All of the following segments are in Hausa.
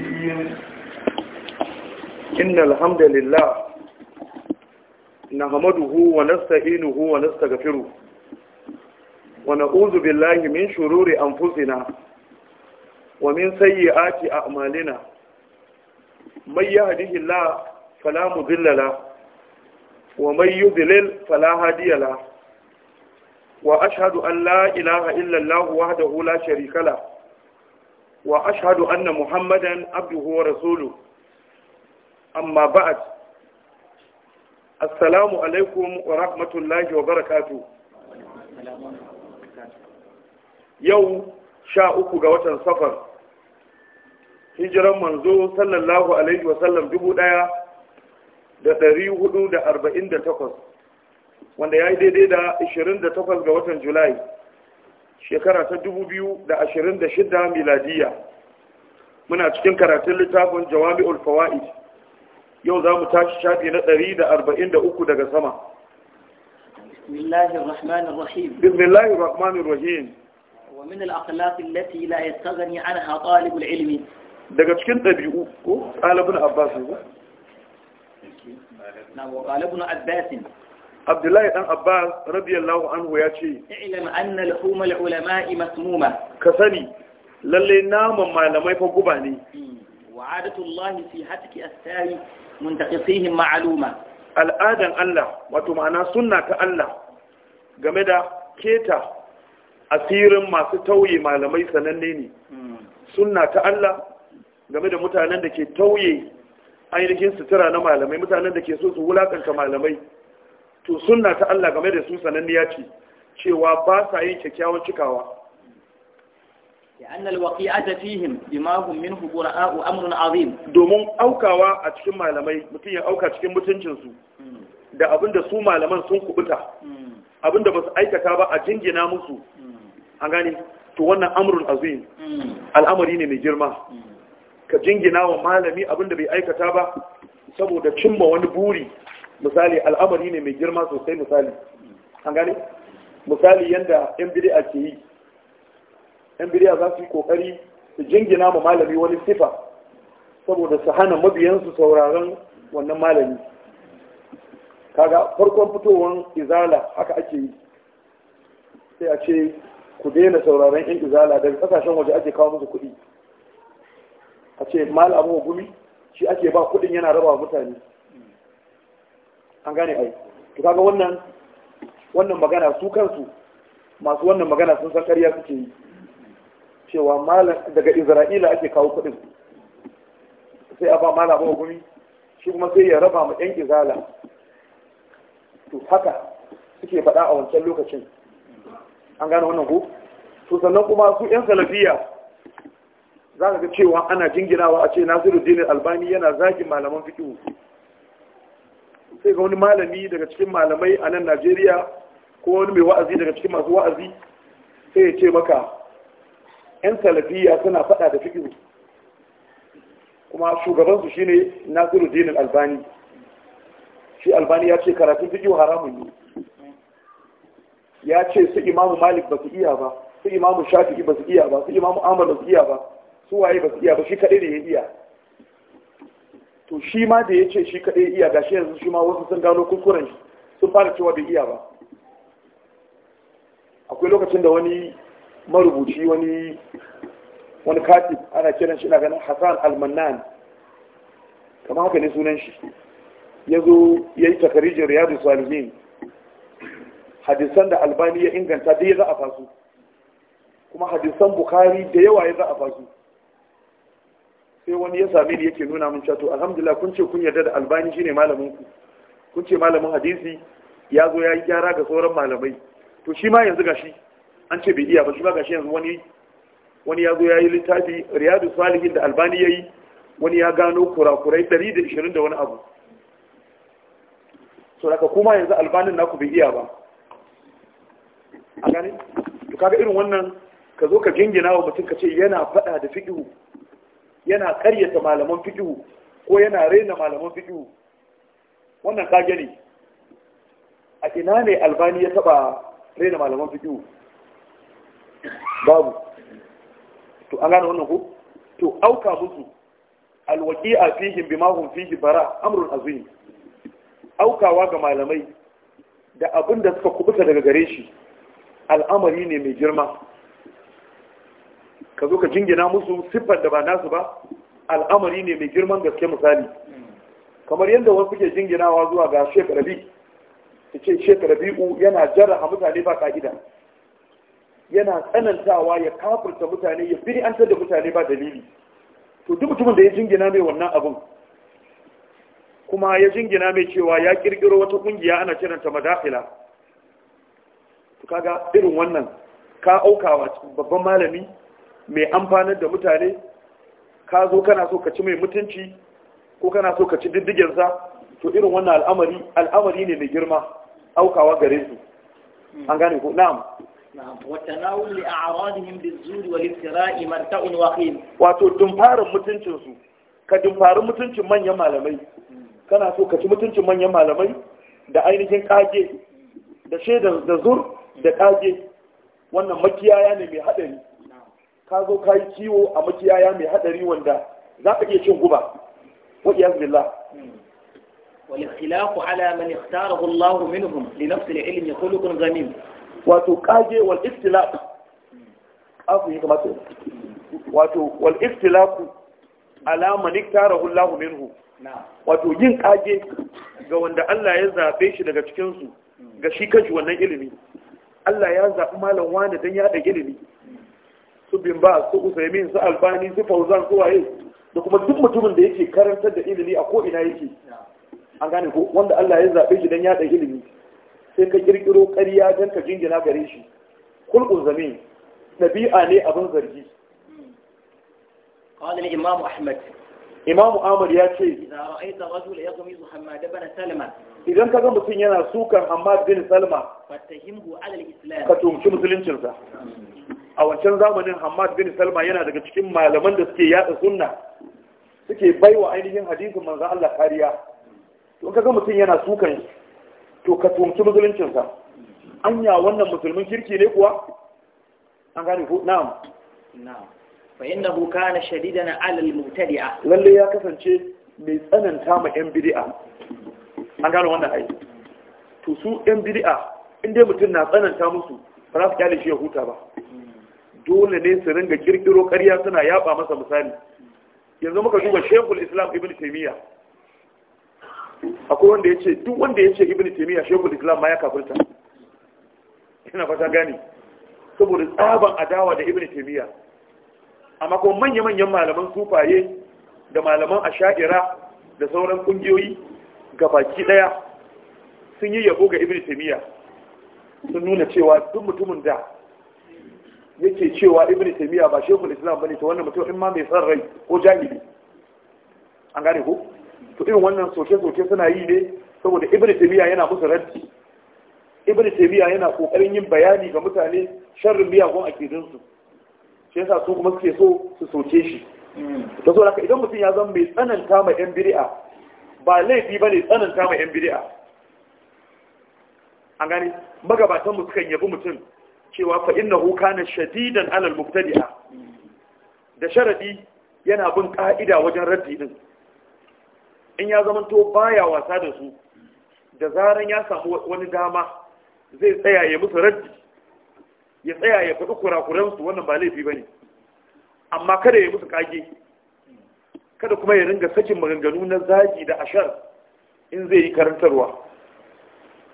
cikin inna alhamdulillah na hamaduhu wa nasta'inuhu wa nastaghfiru wa na'udhu billahi min shururi anfusina wa min sayyiati a'malina may yahdihillahu fala mudilla la wa may yudlil fala hadiya la wa ashhadu an la ilaha illa allah wahdahu la sharika la wa ashhadu anna muhammadan abduhu wa rasuluhu amma ba'd assalamu alaikum wa rahmatullahi wa barakatuh yau sha uku ga watan safar Hijran manzo sallallahu alaihi wasallam dubu da dari hudu da arba'in da takwas wanda ya yi daidai da ashirin da takwas ga watan julai shekara ta 2026 miladiya muna cikin karatun littafin jawami'ul fawaid yau za mu tashi shafi na 143 daga sama bismillahir rahmanir rahim bismillahir rahmanir rahim wa min al-akhlaq allati la yastaghni anha talibul ilmi daga cikin ɗabi'u ko ɗalibin abbas ko. na wa ɗalibin abbas abdullahi ɗan abbas radiyallahu anhu ya ce ilm anna luhumul ulama'i masmuma ka sani lallai naman malamai fa guba ne hmm. wa'adatullahi fi hatki astari muntaqisihim ma'luma al'adan Allah wato ma'ana sunna ta Allah game da keta asirin masu tauye malamai sananne ne hmm. sunna ta Allah game da mutanen da ke tauye ainihin sutura na malamai mutanen da ke so su wulakanta malamai to sunna ta Allah game da su sananniya ce cewa ba sa yin kyakkyawan cikawa لأن الوقيعة فيهم بما amrun 'azim domin aukawa a cikin malamai mutun ya auka cikin mutuncin su hmm. da abinda su malaman sun kubuta hmm. abinda ba su aikata ba a jingina musu hmm. an gane to wannan amrun azim al'amari ne mai girma ka jingina wa malami abinda bai aikata ba saboda cimma wani buri misali al'amari ne mai girma sosai misali an gane misali yadda yan bid'a ke yi yan bid'a za su yi kokari su jingina ma malami wani sifa saboda su hana mabiyansu sauraron wannan malami kaga farkon fitowar izala haka ake yi sai a ce ku daina sauraron yan izala daga kasashen waje ake kawo musu kuɗi a ce malamin gumi shi ake ba kuɗin yana raba mutane an gane ai to kaga wannan wannan magana su kansu masu wannan magana sun san ƙarya suke yi cewa malam daga Isra'ila ake kawo kuɗin sai a ba malam ba gumi shi kuma sai ya raba ma ɗan izala to haka suke faɗa a wancan lokacin an gane wannan ko to sannan kuma su ƴan salafiya za ka ga cewa ana jinginawa a ce nasiru dinin albani yana zagin malaman fikihu sai ga wani malami daga cikin malamai a nan najeriya ko wani mai wa'azi daga cikin masu wa'azi sai ya ce maka 'yan salafiya suna faɗa da fikiru kuma shugabansu shi ne nasiru dinin albani shi albani ya ce karatun fikiru haramun ne ya ce su imamu malik ba su iya ba su imamu shafi'i ba su iya ba su imamu amal ba su iya ba su waye ba su iya ba shi kaɗai ne ya iya to shi ma da ya ce shi kaɗai iya ga shi yanzu shi ma wasu sun gano kuskuren shi sun fara cewa bai iya ba akwai lokacin da wani marubuci wani wani katib ana kiran shi na ganin hassan almanan kama haka ne sunan shi ya zo ya yi takarijin riyadu salihin hadisan da albani ya inganta da ya za a fasu kuma hadisan bukari da yawa ya za a fasu sai wani ya same ni yake nuna min cewa to alhamdulillah kun ce kun yarda da albani shine malamin ku kun ce malamin hadisi ya zo ya yi gyara ga sauran malamai to shi ma yanzu gashi an ce bai iya ba shi ma gashi yanzu wani wani ya zo ya yi littafi riyadu salihin da albani ya yi wani ya gano kurakurai 120 da wani abu so daga kuma yanzu albanin naku bai iya ba a gane to kaga irin wannan ka zo ka jingina wa mutum ka ce yana faɗa da fiƙihu yana karyata malaman fikihu ko yana raina malaman fikihu wannan ka ne a ina ne albani ya taba raina malaman fikihu babu to an gane wannan ku. to auka musu a fihim bima hum fihi bara amrun azim aukawa ga malamai da abin da suka kubuta daga gare shi al'amari ne mai girma ka zo ka jingina musu siffar da ba nasu ba al'amari ne mai girman gaske misali kamar yadda wasu ke jinginawa zuwa ga shek rabi ta ce shek rabi'u yana jarraha mutane ba ka'ida yana tsanantawa ya kafurta mutane ya bid'antar da mutane ba dalili to duk mutumin da ya jingina mai wannan abun kuma ya jingina mai cewa ya kirkiro wata kungiya ana kiranta madakhila to kaga irin wannan ka aukawa babban malami mai amfanar da mutane ka zo kana so ka ci mai mutunci ko kana so ka ci diddigensa to irin wannan al'amari al'amari ne mai girma aukawa gare su hmm. an gane ko na'am وتناول لأعراضهم بالزور والافتراء مرتع وخيم wato dumfarin mutuncin su ka dumfari mutuncin manyan malamai hmm. kana so ka ci mutuncin manyan malamai da ainihin kage da shaidan da da kage wannan makiyaya ne mai haɗari. ka zo ka yi kiwo a makiyaya mai hadari wanda za ka iya cin guba wa iyaz billah والاختلاف على من اختاره الله منهم لنفس العلم خلق غميم وتقاجي والاختلاف أفو يكما wato wal ikhtilafu ala man iktarahu Allah minhu wato yin kage ga wanda Allah ya zabe shi daga cikinsu ga shi kaji wannan ilimi Allah ya zabi malam wani dan yada da ilimi su bin ba su usaimin su albani su fauzan su waye da kuma duk mutumin da yake karantar da ilimi a ko ina yake an gane ko wanda Allah ya zabe shi dan da ilimi sai ka kirkiro ƙarya dan ka jingina gare shi kulqul zamin dabi'a ne abin zargi قال الإمام أحمد imamu amur ya ce idan ka ga mutum yana sukan hamad bin salma ka tumci musuluncinsa a wancan zamanin Hamad bin Salma yana daga cikin malaman da suke yada sunna suke baiwa ainihin hadisin manzon Allah kariya to kaga mutum yana sukan to ka tunki musuluncin sa anya wannan musulmin kirki ne kuwa an gane ko na'am na'am fa innahu kana shadidan 'ala al-mubtadi'a lalle ya kasance mai tsananta ma yan bid'a an gane wannan ai to su yan bid'a inda mutum na tsananta musu ba za su kyale shi ya huta ba dole ne su ringa kirkiro ƙarya suna yaba masa misali yanzu muka duba shekul islam ibn taimiyya akwai wanda ya ce duk wanda ya ce ibn taimiyya shekul islam ma ya kafirta ina fata gani saboda tsaban adawa da ibn taimiyya amma kuma manya-manyan malaman sufaye da malaman asha'ira da sauran kungiyoyi baki daya sun yi yabo ga ibn taimiyya sun nuna cewa duk mutumin da yake cewa ibn taymiya ba shekul islam bane to wannan mutum in ma mai san rai ko jahili an gane ko to irin wannan soke soke suna yi ne saboda ibn taymiya yana musu raddi ibn taymiya yana kokarin yin bayani ga mutane sharrin miyagun akidin su shi yasa su kuma suke so su soke shi to so haka idan mutum ya zama mai tsananta ma yan bid'a ba laifi bane tsananta ma yan bid'a an gane magabatan mu sukan yabi mutum cewa fa innahu kana shadidan alal mubtadi'a da sharadi yana bin ka'ida wajen raddi din in ya zama to baya wasa da su da zaran ya samu wani dama zai tsaya ya musu raddi ya tsaya ya faɗi kurakuransu wannan ba laifi ba ne amma kada ya musu kage kada kuma ya ringa sakin maganganu na zagi da ashar in zai yi karantarwa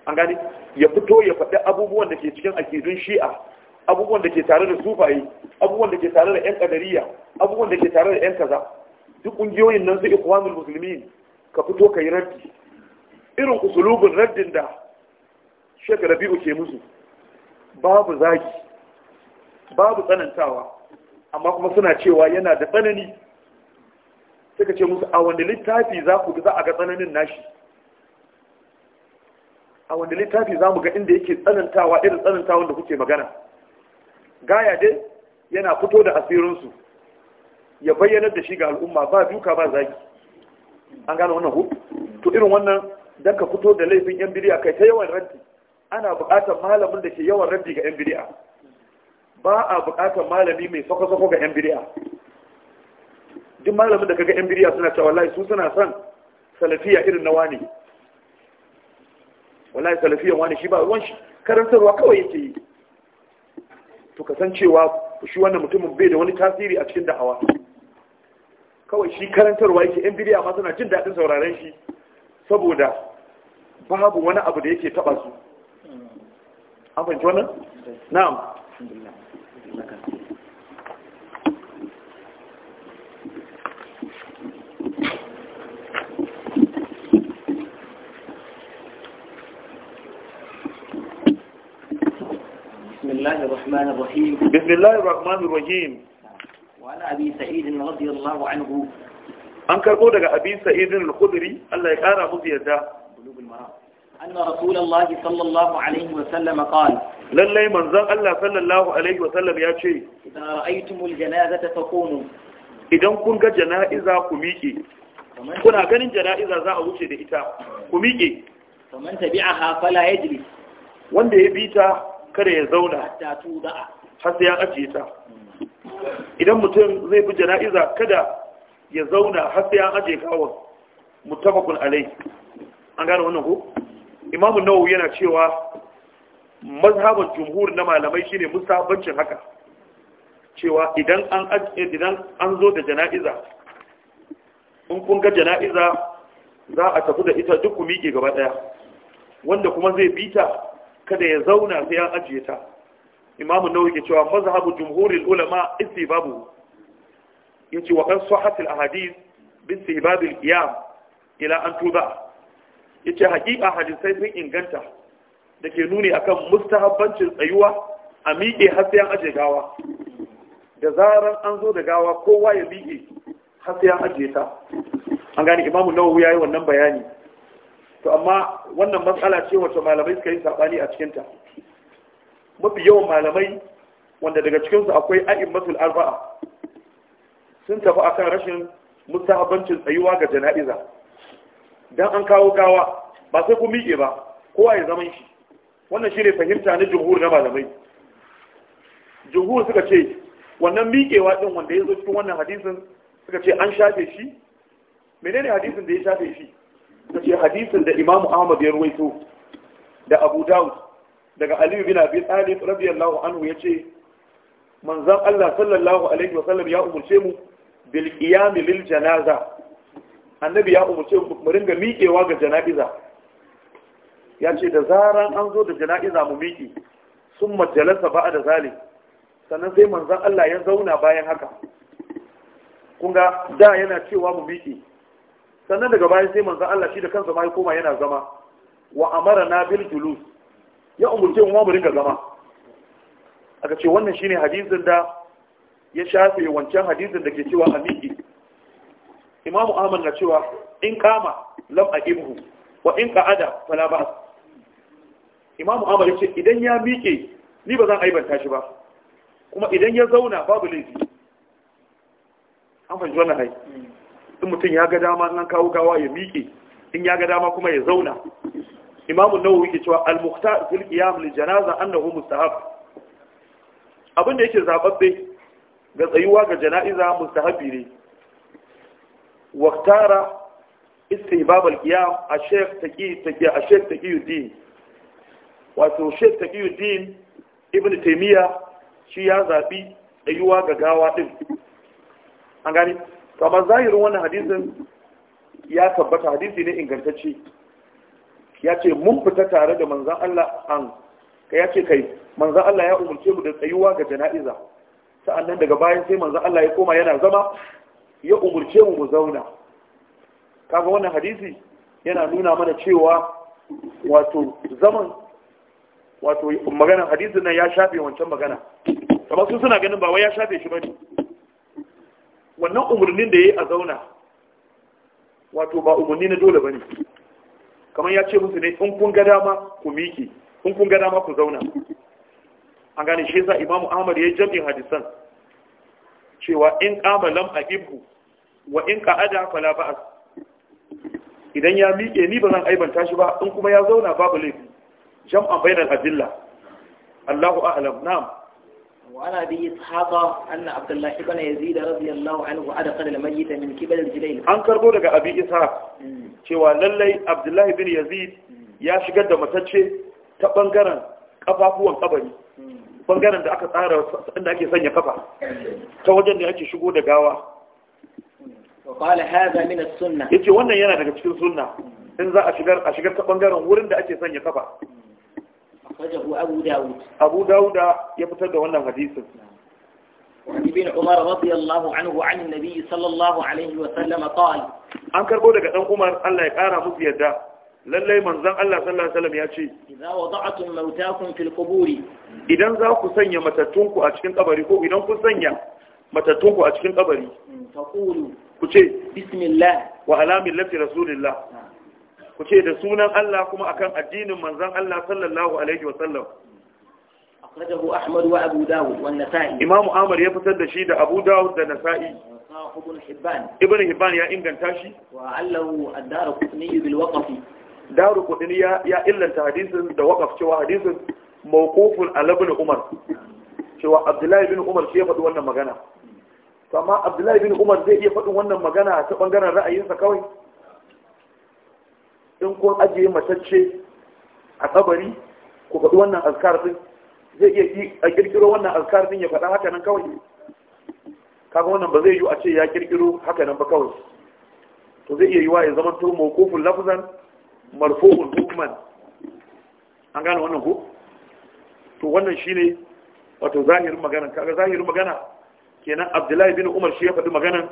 an gani ya fito ya faɗi abubuwan da ke cikin akidun shi'a abubuwan da ke tare da sufaye abubuwan da ke tare da yan kadariya abubuwan da ke tare da yan kaza duk ƙungiyoyin nan su ikhwanul muslimin ka fito ka yi raddi irin usulubin raddin da shekara rabi'u ke musu babu zagi babu tsanantawa amma kuma suna cewa yana da tsanani suka ce musu a wanda littafi za ku za a ga tsananin nashi a wanda littafi za mu ga inda yake tsanantawa irin tsanantawa da kuke magana gaya dai yana fito da asirinsu ya bayyanar da shi ga al'umma ba duka ba zagi an gano wannan ku to irin wannan don ka fito da laifin yan biriya kai ta yawan raddi ana buƙatar malamin da ke yawan raddi ga yan biriya. ba a buƙatar malami mai sako-sako ga yan biriya. duk malamin da kaga yan biriya suna cewa wallahi su suna son salafiya irin na wani wallahi salafiyan wani shi ba ruwan shi karantarwa kawai yake yi to kasancewa shi wannan mutumin bai da wani tasiri a cikin da'awa kawai shi karantarwa yake yan bidiya ma suna jin daɗin sauraren shi saboda babu wani abu da yake taɓa su an fahimci wannan na'am الرحمن الرحيم بسم الله الرحمن الرحيم وعن أبي سعيد رضي الله عنه أنكر قولك أبي سعيد الخدري الله يقارى مزيدا بلوغ المرأة أن رسول الله صلى الله عليه وسلم قال للي منزل الله صلى الله عليه وسلم يا شيء إذا رأيتم الجنازة فقوموا idan kun ga jana'iza ku miƙe kuna ganin jana'iza za a wuce da ita ku miƙe faman tabi'aha fala yajlis wanda ya bi ta kada ya zauna har sai ya ajiye ta idan mutum zai fi jana'iza kada ya zauna har sai ya ajiye kawon mutafakun alai an gane wannan ko imamu nawawi yana cewa mazhabar jumhur na malamai shine musabancin haka cewa idan an idan an zo da jana'iza in kun ga jana'iza za a tafi da ita duk ku miƙe gaba ɗaya wanda kuma zai bita kada ya zauna sai ya ajiye ta imamu nawawi ke cewa mazhabu jumhurin, ulama istibabu yace wa kan sahatil ahadith bi istibab al iya. ila an tuba ce haƙiƙa hadisai sun inganta da ke nuni akan mustahabbancin tsayuwa a miƙe har sai an aje gawa da zaran an zo da gawa kowa ya miƙe har sai an aje ta an gane imamu ya yi wannan bayani to amma wannan matsala ce wacce malamai suka yi saɓani a cikinta mafi yawan malamai wanda daga cikinsu akwai a'in masul arba'a sun tafi akan rashin mustahabancin tsayuwa ga jana'iza dan an kawo gawa ba sai ku miƙe ba kowa ya zaman shi wannan shine fahimta na jumhur na malamai jumhur suka ce wannan miƙewa din wanda ya zo cikin wannan hadisin suka ce an shafe shi menene hadisin da ya shafe shi kace hadisin da Imam Ahmad ya ruwaito da Abu Dawud daga Ali bin Abi Talib radiyallahu anhu yace manzon Allah sallallahu alaihi wa sallam ya umurce mu bil qiyam lil janaza annabi ya umurce mu mu ringa miƙewa ga jana'iza yace da zaran an zo da jana'iza mu miƙe sun majalasa ba da zalim sannan sai manzon Allah ya zauna bayan haka Kunga da yana cewa mu miƙe sannan daga bayan sai manzon Allah shi da kansa ma ya koma yana zama wa amara na bil julus ya umurce mu mu ringa zama aka ce wannan shine hadisin da ya shafe wancan hadisin da ke cewa amiki Imam Ahmad na cewa in kama lam aqimhu wa in qa'ada fala ba'as Imam Ahmad ya ce idan ya miƙe ni ba zan aibanta shi ba kuma idan ya zauna babu laifi an fahimci wannan hai hmm. in mutum ya ga dama nan kawo gawa ya miƙe in ya ga dama kuma ya zauna imamu nawawi yake cewa al-mukhtar fil qiyam li janaza annahu mustahab abin da yake zababbe ga tsayuwa ga jana'iza mustahabi ne waqtara istihbab al-qiyam ash-shaykh taqi taqi ash-shaykh taqiyuddin wato shaykh taqiyuddin ibn taymiya shi ya zabi tsayuwa ga gawa din to amma zahirin wannan hadisin ya tabbata hadisi ne ingantacce ya ce mun fita tare da manzan Allah an ka ya ce kai manzan Allah ya umarce mu da tsayuwa ga jana'iza sa'annan daga bayan sai manzan Allah ya koma yana zama ya umarce mu mu zauna kaga wannan hadisi yana nuna mana cewa wato zaman wato maganar hadisin nan ya shafe wancan magana kamar su suna ganin ba wai ya shafe shi bane wannan umarnin da ya yi a zauna wato ba umarni na dole ba ne kamar ya ce musu ne in kun ga dama ku miki in kun ga dama ku zauna A gane shi yasa imamu ahmad ya yi jam'in hadisan cewa in kama lam a ibu wa in ka'ada fala a idan ya miƙe ni ba zan aibanta shi ba in kuma ya zauna babu laifi jam'an bainal adilla Allahu a'lam na'am وعن أبي إسحاق أن عبد الله بن يزيد رضي الله عنه الميت من قبل الجليل كربو cewa lallai Abdullahi bin Yazid ya shigar da matacce ta bangaren kafafuwan kabari bangaren da aka tsara inda ake sanya kafa ta wajen da ake shigo da gawa وقال هذا من yace wannan yana daga cikin sunna in za a shigar a shigar ta bangaren wurin da ake sanya kafa أخرجه أبو داود أبو داود يبتدى وانا حديثا وعن ابن عمر رضي الله عنه عن النبي صلى الله عليه وسلم قال أن كربو أن عمر يقارى manzon Allah sallallahu alaihi wasallam ya ce idza wada'tum mautakum fil qubur idan za ku sanya matattunku a cikin kabari ko ku sanya matattunku a cikin kabari taqulu ku ce bismillah wa ala millati rasulillah ku ce da sunan Allah kuma akan addinin manzon Allah sallallahu alaihi wa sallam akhrajahu ahmad wa abu dawud wa nasa'i imam ahmad ya fitar da shi da abu dawud da nasa'i ibn hibban ibn hibban ya inganta shi wa allahu ad-darqutni bil waqf darqutni ya ya illanta hadisin da waqf cewa hadisin mawqufun ala ibn umar cewa abdullahi bin umar shi ya faɗi wannan magana amma abdullahi bin umar zai iya faɗin wannan magana ta ɓangaren ra'ayinsa kawai in kun ajiye matacce a tsabari ku faɗi wannan azkar din zai iya a ƙirƙiro wannan azkar din ya faɗa haka nan kawai kaga wannan ba zai yi a ce ya ƙirƙiro haka nan ba kawai to zai iya yiwa ya zama to mawqufun lafzan marfu'un hukman an gane wannan ko to wannan shine wato zahirin magana kaga zahirin magana kenan Abdullahi bin Umar shi ya faɗi magana?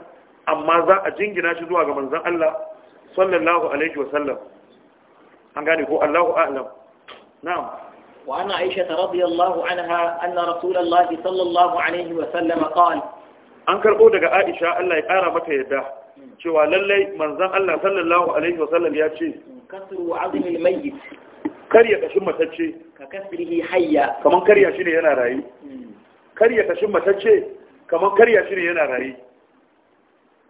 amma za a jingina shi zuwa ga manzon Allah sallallahu alaihi wa sallam. an gane ko Allahu a'lam na'am wa ana Aisha radiyallahu anha anna Rasulullahi sallallahu alaihi wa sallam qala an karbo daga Aisha Allah ya kara mata yadda cewa lallai manzon Allah sallallahu alaihi wa sallam ya ce kasru azmil mayyit karya kashin matacce ka kasrihi hayya kaman karya shine ne yana rayi hmm. karya kashin matacce kaman karya shine yana rayi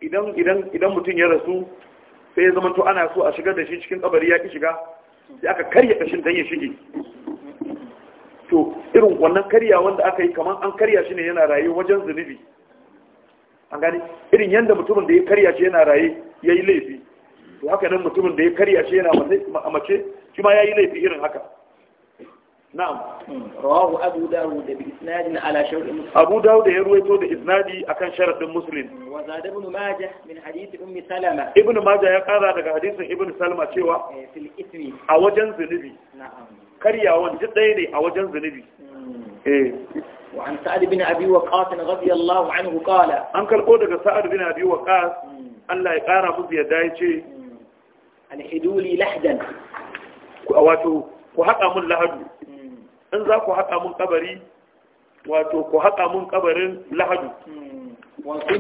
idan idan idan mutum ya rasu sai ya zama to ana so a shigar da shi cikin kabari ya ki shiga da aka karya kashin dan ya shige to irin wannan karya wanda aka yi kamar an karya shi ne yana raye wajen zunubi an gani irin yadda mutumin da ya karya shi yana raye ya yi laifi to haka nan mutumin da ya karya shi yana mace shi ma ya yi laifi irin haka نعم رواه أبو داود بإسناد على شرط مسلم أبو داود يرويته بإسناد أكان شرط مسلم وزاد ابن ماجه من حديث أم سلمة ابن ماجه يقال هذا حديث ابن سلمة شوى في الإثم أوجن زنبي نعم كريا وانجد ديني أوجن زنبي إيه وعن سعد بن أبي وقاص رضي الله عنه قال أنك القودة سعد بن أبي وقاص Allah ya ƙara musu yadda ya ce alhiduli lahdan wato ku haɗa mun lahadu in za ku haƙa mun kabari wato ku haƙa mun kabarin lahadu hmm.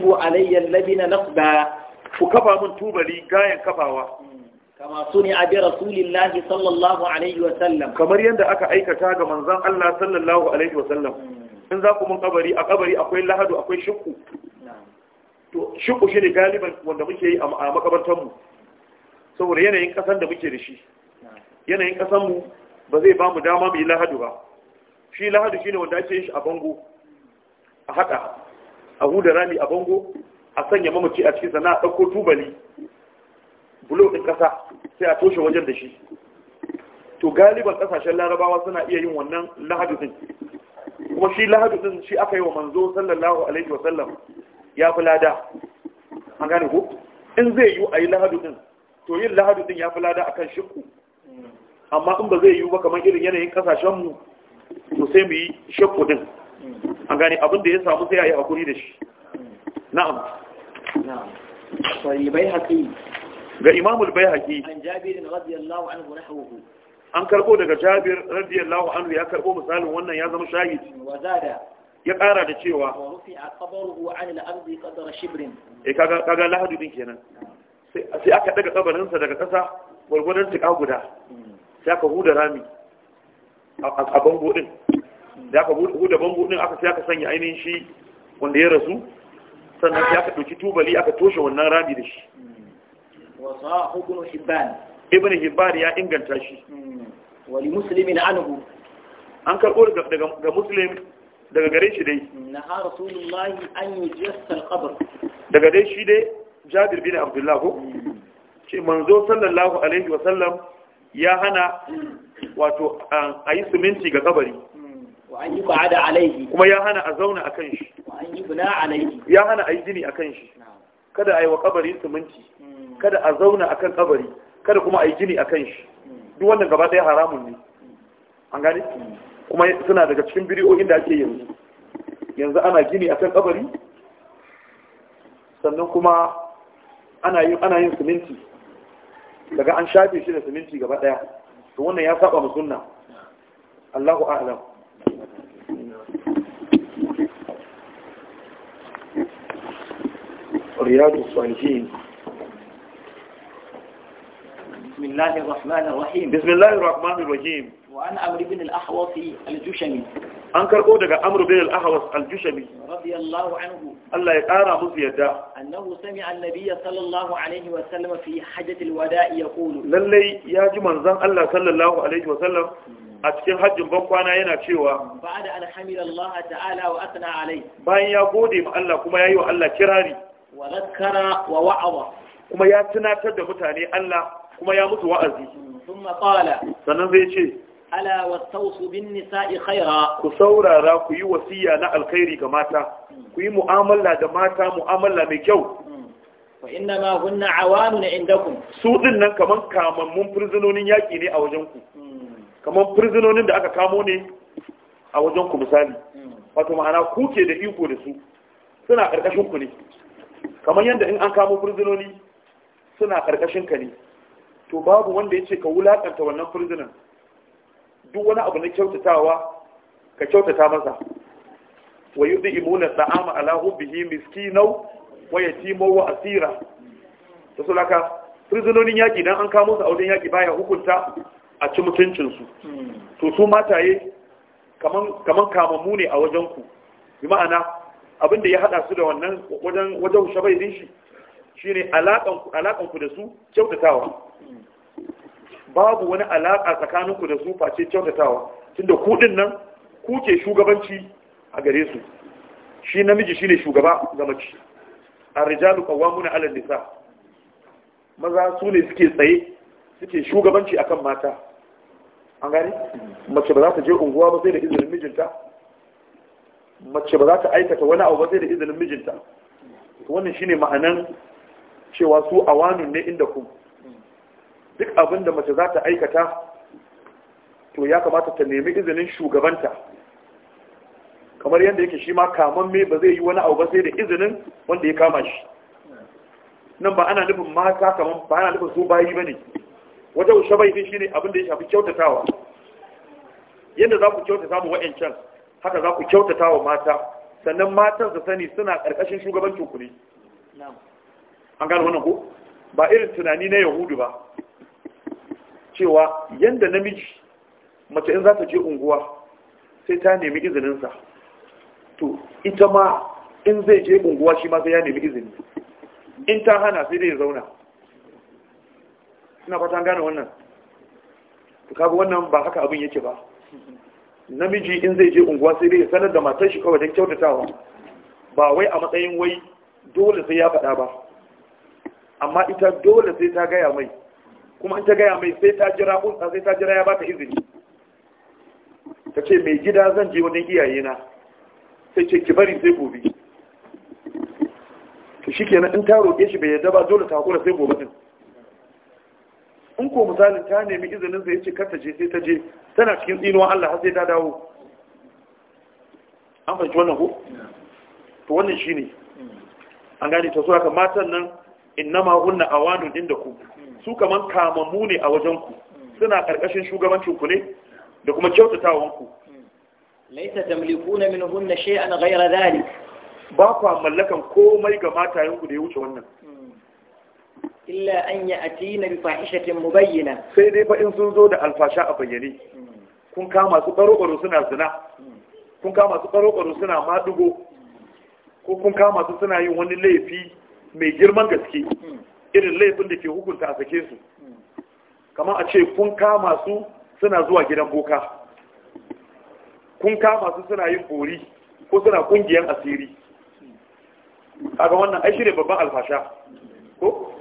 bu alayyar labina nasba ku kafa mun tubali gayan kafawa hmm. kama suni abi rasulillahi sallallahu alaihi wa sallam kamar yadda aka aikata ga manzon Allah sallallahu alaihi wa sallam hmm. in za ku mun kabari a kabari akwai lahadu akwai shukku to shukku shi ne galiban wanda muke yi a makabartanmu mu saboda yanayin kasan da muke da shi yanayin kasan mu ba zai ba mu dama mu yi lahadu ba shi lahadu ne wanda ake yin shi a bango a haɗa a huda rami a bango a sanya mamaci a cikin sana a ɗauko tubali bulo ɗin ƙasa sai a toshe wajen da shi to galiban ƙasashen larabawa suna iya yin wannan lahadu ɗin kuma shi lahadu ɗin shi aka yi wa manzo sallallahu alaihi wasallam ya fi lada an gane ko in zai yi a yi lahadu ɗin to yin lahadu ɗin ya fi lada akan shirku amma in ba zai yiwu ba kamar irin yanayin kasashenmu to sai mu yi shakku din an gane abin da ya samu sai a yi hakuri da shi na'am ga imamul bai haƙi an karɓo daga jabir radiyallahu anhu ya karɓo misalin wannan ya zama shahid ya ƙara da cewa e kaga lahadu din kenan sai aka ɗaga kabarinsa daga ƙasa gwargwadon tuƙa guda hmm. sai aka huda rami a bango din da aka huda bango din aka sai aka sanya ainihin shi wanda ya rasu sannan sai aka ɗauki tubali aka toshe wannan rami da shi ibn hibbar ya inganta shi hmm. wali muslimin anhu an karɓo daga muslim daga gare shi dai ha rasulullahi an yi jiyasta qabr daga dai shi dai jabir bin abdullah ce hmm. manzo sallallahu alaihi wasallam ya hana wato um, a yi siminti ga kabari alaihi kuma ya hana a zauna a kan shi alaihi ya hana a yi gini a kan shi kada a yi wa kabari siminti hmm. kada a zauna a kan kabari kada kuma a yi gini a kan shi hmm. duk wannan gaba ɗaya haramun ne hmm. an gane kuma suna daga cikin bidiyoyin da ake yanzu yanzu ana gini a kan kabari sannan kuma ana yin siminti daga an shafe shi da siminti gaba daya to wannan ya saba mu sunna Allahu a'lam رياض الصالحين بسم الله الرحمن الرحيم بسم الله الرحمن الرحيم وعن عمرو بن الأحوص الجشمي أنكر قودك عمرو بن الأحوص الجشمي رضي الله عنه Allah ya ƙara musu yadda. Annahu sami annabiyya sallallahu alaihi wa sallam fi hajjatil wada'i yaqulu. Lallai ya ji manzon Allah sallallahu alaihi wa sallam hmm. a cikin hajjin bankwana yana cewa ba'da an Allah ta'ala wa asna alai. Bayan ya gode ma Allah kuma yi wa Allah kirari. Wa zakara wa Kuma ya tunatar da mutane Allah kuma ya mutu wa'azi. Sun hmm. qala. Sannan zai ce ala wastausu bin nisa'i khaira ku saurara ku yi wasiya na alkhairi ga mata hmm. ku yi mu'amala da mata mu'amala mai kyau hmm. fa inna ma hunna awanun indakum su din nan kaman kamammun prisonerin yaki ne a wajen ku hmm. kaman prisonerin da aka kamo ne a wajen ku misali wato ma'ana ku ke da iko da su suna karkashin ku ne kamar yadda in an kamo prisonerin suna karkashin ka ne to babu wanda ya ce ka wulakanta wannan prisoner duk wani abu na kyautatawa ka kyautata masa wa imuna ta'ama ala hubbihi miskinau wa yatima wa asira to so laka prisonerin yaki dan an kama su a wajen yaki baya hukunta a ci mutuncin su to su mataye kaman kaman kamammu ne a wajen ku bi ma'ana abin da ya hada su da wannan wajen wajen shabai din shi shine alakan alakan ku da su kyautatawa babu wani alaƙa tsakaninku da su face kyautatawa tunda ku din nan ku ke shugabanci a gare su shi namiji shine shugaba ga mace a rijalu qawwamuna 'ala nisa maza su ne suke tsaye suke shugabanci akan mata an gane mace ba za ta je unguwa ba sai da izinin mijinta mace ba za ta aikata wani abu ba sai da izinin mijinta wannan shine ma'anan cewa su awanun ne inda kuma duk abin da mace za ta aikata to ya kamata ta nemi izinin shugabanta kamar yadda yake shi ma kamar me ba zai yi wani abu ba sai da izinin wanda ya kama shi nan ba ana nufin mata kamar ba ana nufin su bayi ne. Wajen ushe bai din shine abin da ya shafi kyautatawa yadda za ku kyautata mu wa'yancan haka za ku kyautata wa mata sannan matan su sani suna ƙarƙashin shugabancin ku ne an gano wannan ko ba irin tunani na yahudu ba cewa yadda namiji mace in za ta je unguwa sai ta nemi izininsa to ita ma in zai je unguwa shi ma sai ya nemi izini in ta hana sai dai zauna ina fata gane wannan to kaga wannan ba haka abin yake ba namiji in zai je unguwa sai dai ya sanar da matar shi kawai don kyautatawa ba wai a matsayin wai dole sai ya faɗa ba amma ita dole sai ta gaya mai kuma an ta gaya mai sai ta jira kunsa sai ta jira ya ba ta izini ta ce mai gida zan je wajen iyayena sai ce ki bari sai gobe to shi kenan in ta roƙe shi bai yarda ba dole ta hakura sai gobe din in ko misalin ta nemi izinin sai ce kar ta je sai ta je tana cikin tsinuwa Allah har sai ta dawo an fahimci wannan ko to wannan shine an gane ta so haka matan nan innama hunna din da ku su kaman kamammu ne a wajen ku suna karkashin shugabancin ku ne da kuma kyautatawan ku laisa tamlikuna minhunna shay'an ghayra dhalik ba ku mallakan komai ga matayen da ya wuce wannan illa an ya'tina bi fahishatin mubayyana sai dai fa in sun zo da alfasha a bayyane kun kama su baro suna zina kun kama su baro suna madugo ko kun kama su suna yin wani laifi mai girman gaske irin laifin da ke hukunta a sake su kamar a ce kun kama su suna zuwa gidan boka kun kama su suna yin bori ko suna kungiyar asiri kaga wannan ai shine babban alfasha ko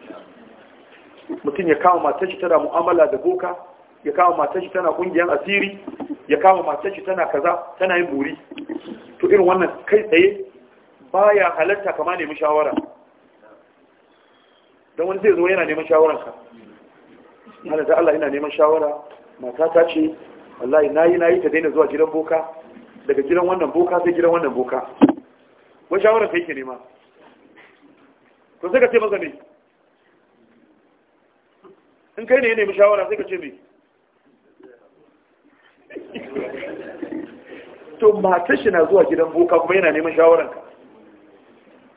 mutum ya kama matashi tana mu'amala da boka ya kama matashi tana kungiyar asiri ya kama matashi tana kaza tana yin bori to irin wannan kai tsaye baya halatta kama nemi shawara don wani zai zo yana neman shawararka mana da Allah yana neman shawara mata ta ce wallahi nayi nayi ta daina zuwa gidan boka daga gidan wannan boka sai gidan wannan boka wani shawarar sai ke nema to sai ka ce masa ne in kai ne ya nemi shawara sai ka ce me to matar shi na zuwa gidan boka kuma yana neman shawararka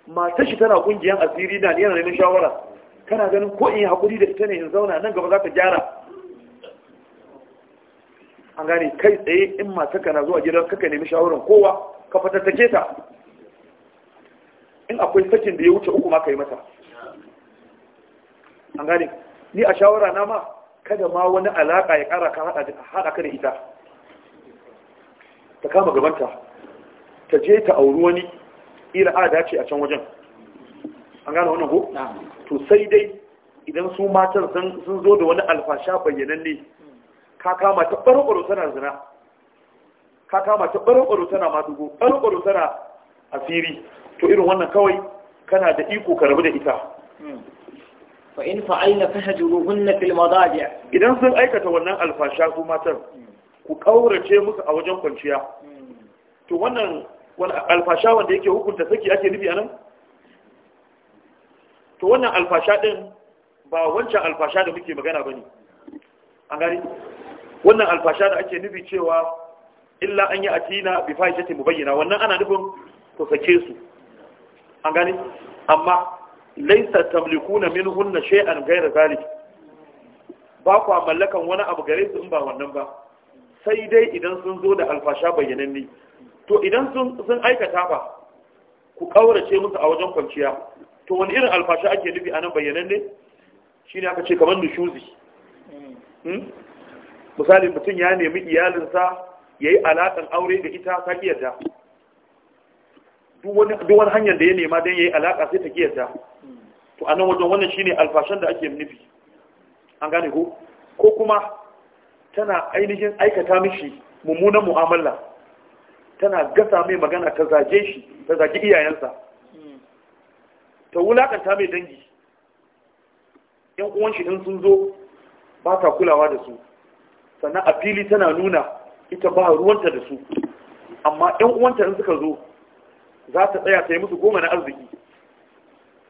matar shi tana kungiyan asiri da yana neman shawara kana ganin ko in yi haƙuri da ita ne in zauna nan gaba za ka gyara an gane kai tsaye in ka na zuwa gidan kaka nemi shawarar kowa ka fatattake ta in akwai sakin da ya wuce uku ma ka yi mata an gane ni a shawara na ma kada ma wani alaƙa ya ƙara ka haɗa ka da ita ta kama gabanta ta je ta auri wani ira a dace a can wajen an gane wannan ko? to sai dai idan su matan sun zo da wani alfasha bayyananne ka kama ta ɓarɓaro tana zina ka kama ta ɓarɓaro tana madugo ɓarɓaro tana asiri to irin wannan kawai kana da iko ka rabu da ita hmm. fa in fa'alna fahjuruhunna fil madaji' idan sun aikata wannan alfasha su matan hmm. ku kaurace musu a wajen kwanciya hmm. to wannan wani alfasha wanda yake hukunta saki ake nufi anan to wannan alfasha din ba wancan alfasha da muke magana ba ne an gari wannan alfasha da ake nufi cewa illa an yi a tina bi fahishati mu bayyana wannan ana nufin ku sake su an gani amma laisa tamlikuna na shay'an ghayra zalik ba kwa mallakan wani abu gare su in ba wannan ba sai dai idan sun zo da alfasha bayyananne to idan sun sun aikata ba ku kaurace musu a wajen kwanciya to wani irin alfashi ake nufi a nan bayyanan ne shi ne aka ce kamar nushuzi hmm? misali mutum ya nemi iyalinsa ya yi alaƙar aure da ita ta yarda duk wani hanyar da ya nema don ya yi alaƙa sai ta yarda to a nan wajen wannan shi ne alfashan da ake nufi an gane ko ko kuma tana ainihin aikata mishi mummunan mu'amala tana gasa mai magana ta zage shi ta zage iyayensa ta wulakanta mai dangi yan uwan shi din sun zo ba ta kulawa da su sannan a fili tana nuna ita ba ruwanta da su amma yan uwanta in suka zo za ta tsaya ta yi musu goma na arziki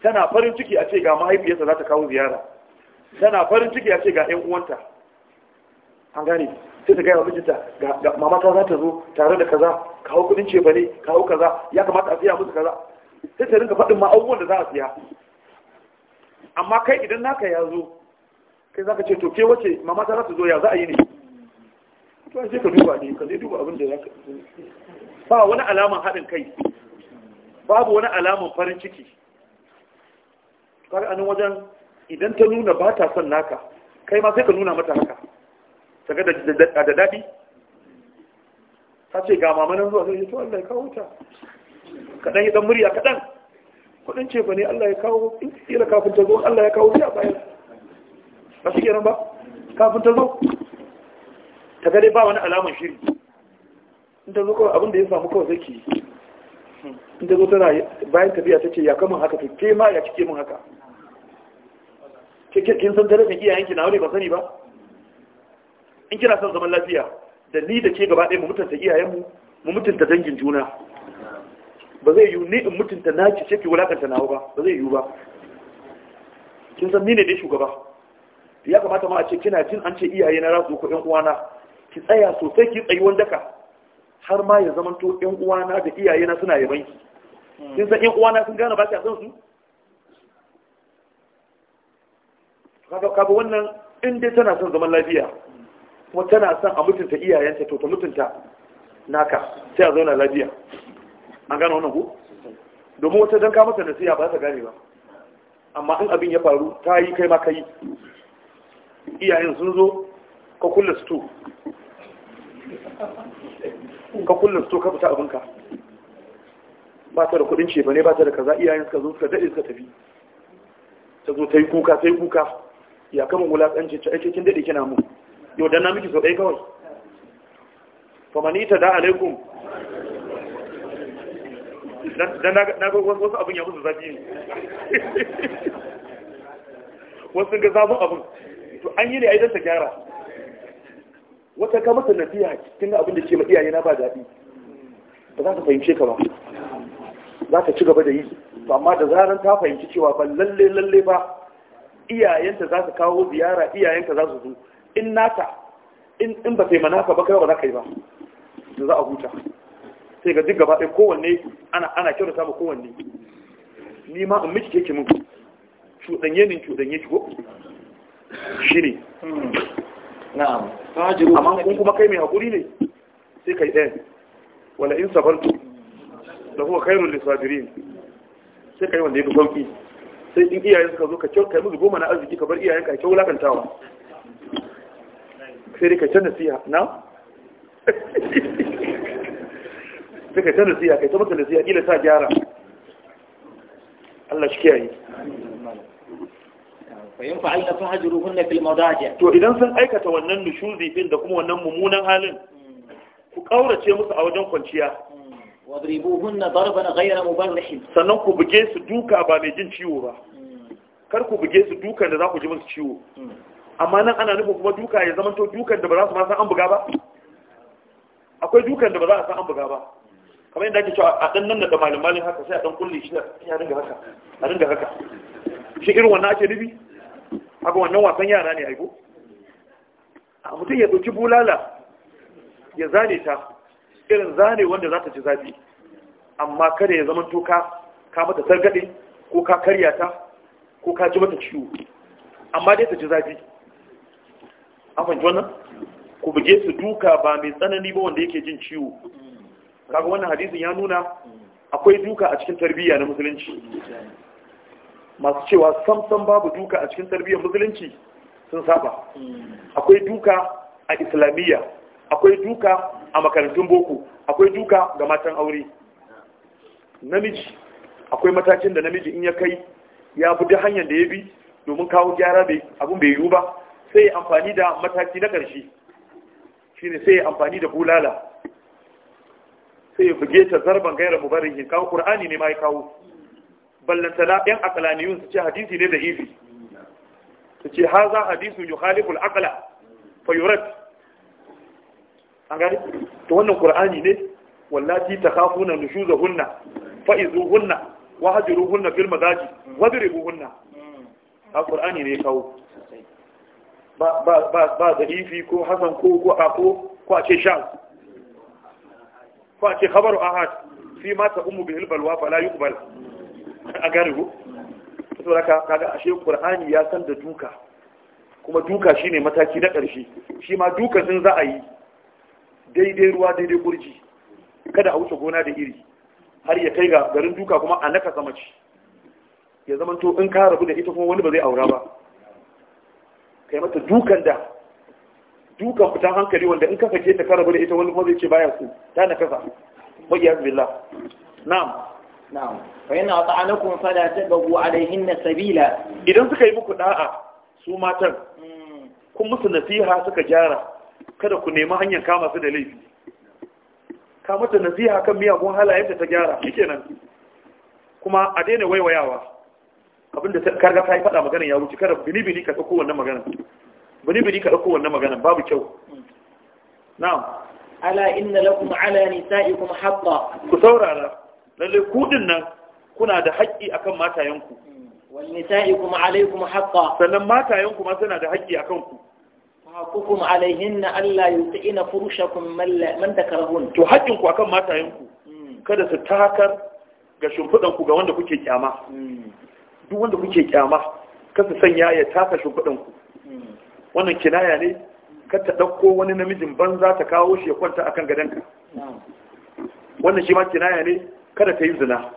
tana farin ciki a ce ga mahaifiyarsa za ta kawo ziyara tana farin ciki a ce ga yan uwanta an gane sai ta gaya wa mijinta ga mamata za ta zo tare da kaza kawo kudin ce kawo kaza ya kamata a siya musu kaza sai ta rinka faɗin ma abubuwan da za a siya amma kai idan naka ya zo kai za ka ce to wace mama ta za ta zo ya za a yi ne to sai ka duba ne ka zai duba abin da za ka ba wani alaman haɗin kai babu wani alaman farin ciki kaga anan wajen idan ta nuna ba ta son naka kai ma sai ka nuna mata haka saka da daɗi ta ce ga mamanin zuwa sai ya to Allah ya kawo ta kaɗan idan murya kaɗan kuɗin ce ba ne Allah ya kawo in kila kafin ta zo Allah ya kawo biya bayan ba su kenan ba kafin ta zo ta gare ba wani alamar shiri in ta zo kawai abinda ya samu kawai zaki in ta zo tana bayan tafiya ta ce ya kama haka ta, ke ma ya cike min haka kin san iyayen iyayenki na wani ba sani ba in kina son zaman lafiya da ni da ke gaba ɗaya mu mutunta iyayenmu mu mutunta dangin juna ba zai yiwu ni in mutunta na ce ki wulakanta na ba ba zai yiwu ba kin san ni ne dai shugaba ya kamata ma a ce kina jin an ce iyaye na rasu ko ƴan uwana ki tsaya sosai ki tsayi wanda ka har ma ya zama to ƴan uwana da iyaye na suna yaban ki hmm. kin san ƴan uwana sun gane ba ta san su kaga kaga wannan in dai tana son zaman lafiya kuma tana son a mutunta iyayenta to ta mutunta naka sai a zauna lafiya an gano wannan ku domin wata don ka masa siya ba za ta gane ba amma in abin ya faru ta yi kai ma ka yi iyayen sun zo ka kulle sto ka kulle sto ka fita abinka ba ta da kudin ce ba ne ba ta da kaza iyayen suka zo suka daɗe suka tafi ta zo ta yi kuka ta yi kuka ya kama wulaƙanci ta ake kin daɗe kina mu yau dan na miki so ɗaya kawai famani ta da alaikum dan na ga wasu abin ya musu zafi ne wasu ga zafin abin to an yi ne a idan ta gyara wata ka masa nasiha cikin abin da ke ma iyaye na ba daɗi ba za ta fahimce ka ba za ta ci gaba da yi to amma da zaran ta fahimci cewa ba lalle lalle ba iyayenta za su kawo ziyara iyayenta za su zo in nata in ba sai manaka ba kai ba za ka yi ba da za a huta sai ga duk gaba ɗaya kowanne ana ana kyau da samu kowanne ni ma in miki keke mun cuɗanye ne cuɗanye ki ko shi ne amma kun kuma kai mai hakuri ne sai kai ɗaya wala in sabartu da kuma kairun lissabirin sai kai wanda ya fi sauki sai in iyayen suka zo ka kyau kai musu goma na arziki ka bar iyayen ka kyau lakantawa sai dai ka can siya na sai kai ta nasiya kai ta mata siya kila sa gyara Allah shi kiyaye fayin fa'alta fa hunna fil madaji to idan sun aikata wannan nushuzi din da kuma wannan mummunan halin ku kaurace musu a wajen kwanciya hmm. wadribuhunna darban ghayra mubarrih sannan ku buge su duka ba mai jin ciwo ba hmm. kar ku buge su dukan da za ku ji musu ciwo hmm. amma nan ana nufin kuma duka ya zama to dukan da ba za su ma san an buga ba akwai dukan da ba za a san an buga ba kamar yadda ake cewa a nan da malin haka sai a ɗan kulle shi ya dinga haka a dinga haka shi irin wannan ake nufi haka wannan wasan yara ne aiko a mutum ya ɗauki bulala ya zane ta irin zane wanda za ta ci zafi amma kada ya zama toka ka mata targaɗe ko ka karya ta ko ka ji mata ciwo amma dai ta ci zafi an fanci wannan ku buge su duka ba mai tsanani ba wanda yake jin ciwo kaga wannan hadisin ya nuna akwai duka a cikin tarbiyya na musulunci masu cewa samsan babu duka a cikin tarbiyyar musulunci sun saba akwai duka a islamiyya akwai duka a makarantun boko akwai duka ga matan aure namiji akwai matakin da namiji in ya kai ya bi hanyar da ya bi domin kawo gyara abin bai yiwu ba sai amfani da mataki na ƙarshe Shi ne sai amfani da bulala sai ya buge ta zarban gaira mubarihin kawo qur'ani ne ma ya kawo ballantana ɗan aqlaniyun su ce hadisi ne da ibi su ce haza hadisu yukhalifu al-aqla fa yurad an gani to wannan qur'ani ne wallati takhafuna nushuzahunna fa izuhunna wa hajuruhunna fil madaji hunna a qur'ani ne ya kawo ba ba ba da ifi ko hasan ko ko ko ko a ce sha ko ce khabaru ahad fi ma ta ummu bihil balwa fala yuqbal a gane to da kaga ashe qur'ani ya san da duka kuma duka shine mataki na karshe shi ma duka sun za a yi daidai ruwa daidai kurji kada a wuce gona da iri har ya kai ga garin duka kuma a naka sama ya zama to in ka rabu da ita kuma wani ba zai aura ba kai mata dukan da dukan fitan hankali wanda in kafa ke ta kara bude ita wani mazai ce baya su ta na kasa wajiya billah na'am na'am fa yana ta'anakum fala tabu alaihin sabila idan suka yi muku da'a su matan hmm. kun musu nasiha suka gyara kada ku nemi hanyar kama su da laifi ka mata nasiha kan miyagun halayen ta gyara nan? kuma a daina waiwayawa abinda karga ta yi faɗa maganar ya wuce kada bini bini ka tsako wannan maganar bari bari ka dauko wannan magana babu kyau na'am ala inna lakum ala nisa'ikum haqqan ku saurara lalle ku dinnan kuna da haƙƙi akan matayenku wal nisa'ikum alaykum haqqan sannan matayenku ma suna da haƙƙi akan ku hakukum alaihinna alla yuti'ina furushakum man takrahun to haƙƙin ku akan matayenku hmm. kada su takar ga shimfiɗanku ga wanda kuke kyama hmm. duk wanda kuke kyama kasa sanya ya taka shimfiɗanku wannan kinaya ne kar ta ɗauko wani namijin banza ta kawo shi ya kwanta akan gadonka wannan shi ma kinaya ne kada ta yi zina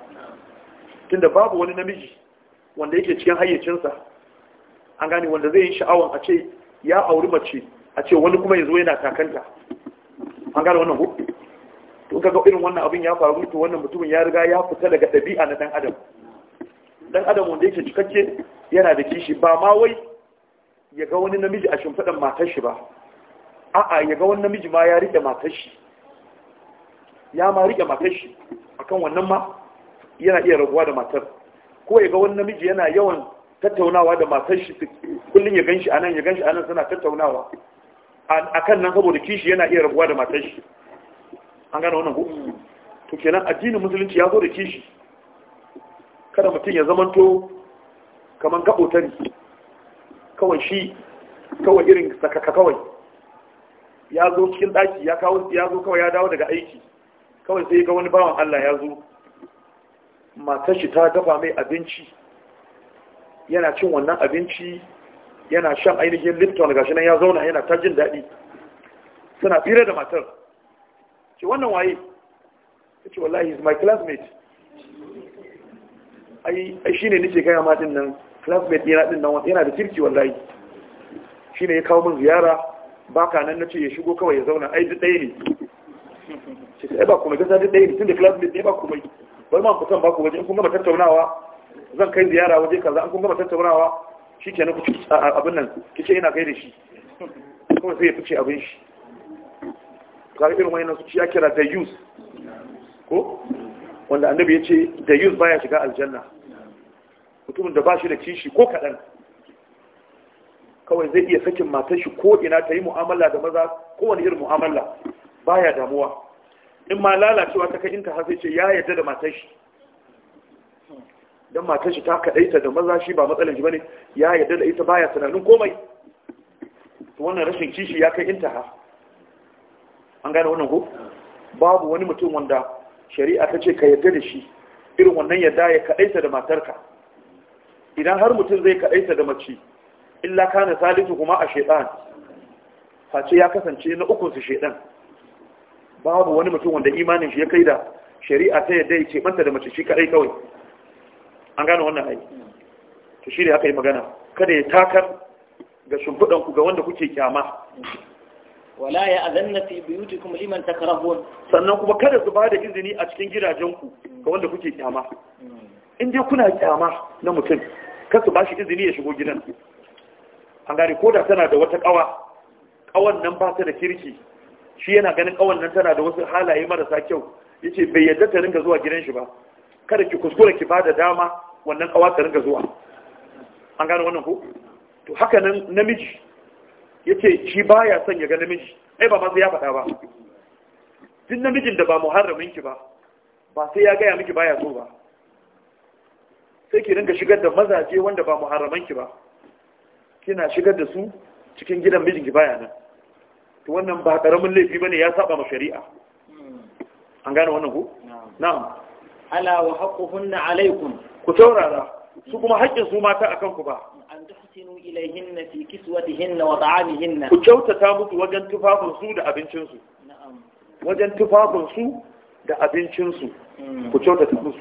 tunda babu wani namiji wanda yake cikin hayyacinsa an gane wanda zai yi sha'awan a ce ya auri mace a ce wani kuma ya zo yana takanta an gane wannan ku to kaga irin wannan abin ya faru to wannan mutumin ya riga ya fita daga ɗabi'a na dan adam dan adam wanda yake cikakke yana da kishi ba ma wai ya ga wani namiji a shimfiɗan matar shi ba a'a ya ga wani namiji ma ya riƙe matar shi ya ma riƙe matar shi akan wannan ma yana iya rabuwa da matar ko ya ga wani namiji yana yawan tattaunawa da matar shi kullum ya gan shi anan ya gan shi anan suna tattaunawa A kan nan saboda kishi yana iya rabuwa da matar shi an gane wannan hukun to kenan addinin musulunci ya zo da kishi kada mutum ya zamanto kaman gaɓotari kawai shi kawai irin sakaka kawai ya zo cikin ɗaki ya kawo ya zo kawai ya dawo daga aiki kawai sai ga wani bawan Allah ya zo matar shi ta dafa mai abinci yana cin wannan abinci yana shan ainihin lipton gashi nan ya zauna yana ta jin daɗi suna fira da matar ce wannan waye ta ce wallahi is my classmate ai shi ne nake gaya matan nan classmate yana din nan yana da kirki wallahi shine ya kawo min ziyara baka nan nace ya shigo kawai ya zauna ai da ɗaya ne ce ɗaya ba kuma gaskiya da ɗaya ne tunda classmate ne ba kuma bari ma ku san ba ku waje in kun gama tattaunawa zan kai ziyara waje kaza an kun gama tattaunawa shikenan ku abin nan kice ina kai da shi kuma sai ya fice abin shi ga irin wayannan su ya kira da use ko wanda annabi ya ce da use baya shiga aljanna mutumin da ba shi da kishi ko kaɗan kawai zai iya sakin matar shi ko ina ta yi mu'amala da maza kowane irin mu'amala baya damuwa in ma lalacewa ta kai ta sai ce ya yarda da matar shi don matar shi ta kaɗaita da maza shi ba matsalar shi bane ya yarda da ita baya tunanin komai To wannan rashin kishi ya kai ha, an gane wannan ko babu wani mutum wanda shari'a ta ce ka yarda da shi irin wannan yadda ya kaɗaita da matarka idan har mutum zai kaɗaita da mace illa na salisu kuma a shaitan face ya kasance na ukun su shaitan babu wani mutum wanda imanin shi ya kai da shari'a ta yadda ya ce banta da mace shi kaɗai kawai an gane wannan ai to shi ne aka yi magana kada ya takar ga shimfiɗan ku ga wanda kuke kyama wala ya azanna fi buyutikum liman takrahun sannan kuma kada su bada izini a cikin gidajen ku ga wanda kuke kyama hmm. in dai kuna kyama na mutum kasu ba shi izini ya shigo gidan a gari ko da tana da wata kawa kawan nan ba ta da kirki shi yana ganin kawan nan tana da wasu halaye marasa kyau Ya ce bai yadda ta ringa zuwa gidan shi ba kada ki kuskura ki bada dama wannan kawa ta ringa zuwa an gano wannan ko to haka nan namiji ya ce shi ba ya son ya ga namiji ai ba masu ya faɗa ba Tun namijin da ba muharraminki ki ba ba sai ya gaya miki baya so ba sai ki ringa shigar da mazaje wanda ba muharramanki ba kina shigar da su cikin gidan mijinki baya nan to wannan ba karamin laifi bane ya saba ma shari'a an gane wannan ku na'am ala wa haqquhunna alaykum ku taurara su kuma haƙƙin su mata akan ku ba an tahsinu ilayhinna fi kiswatihinna wa ta'amihinna ku kyautata musu wajen tufafin su da abincin su na'am wajen tufafin su da abincin su hmm. ku kyautata musu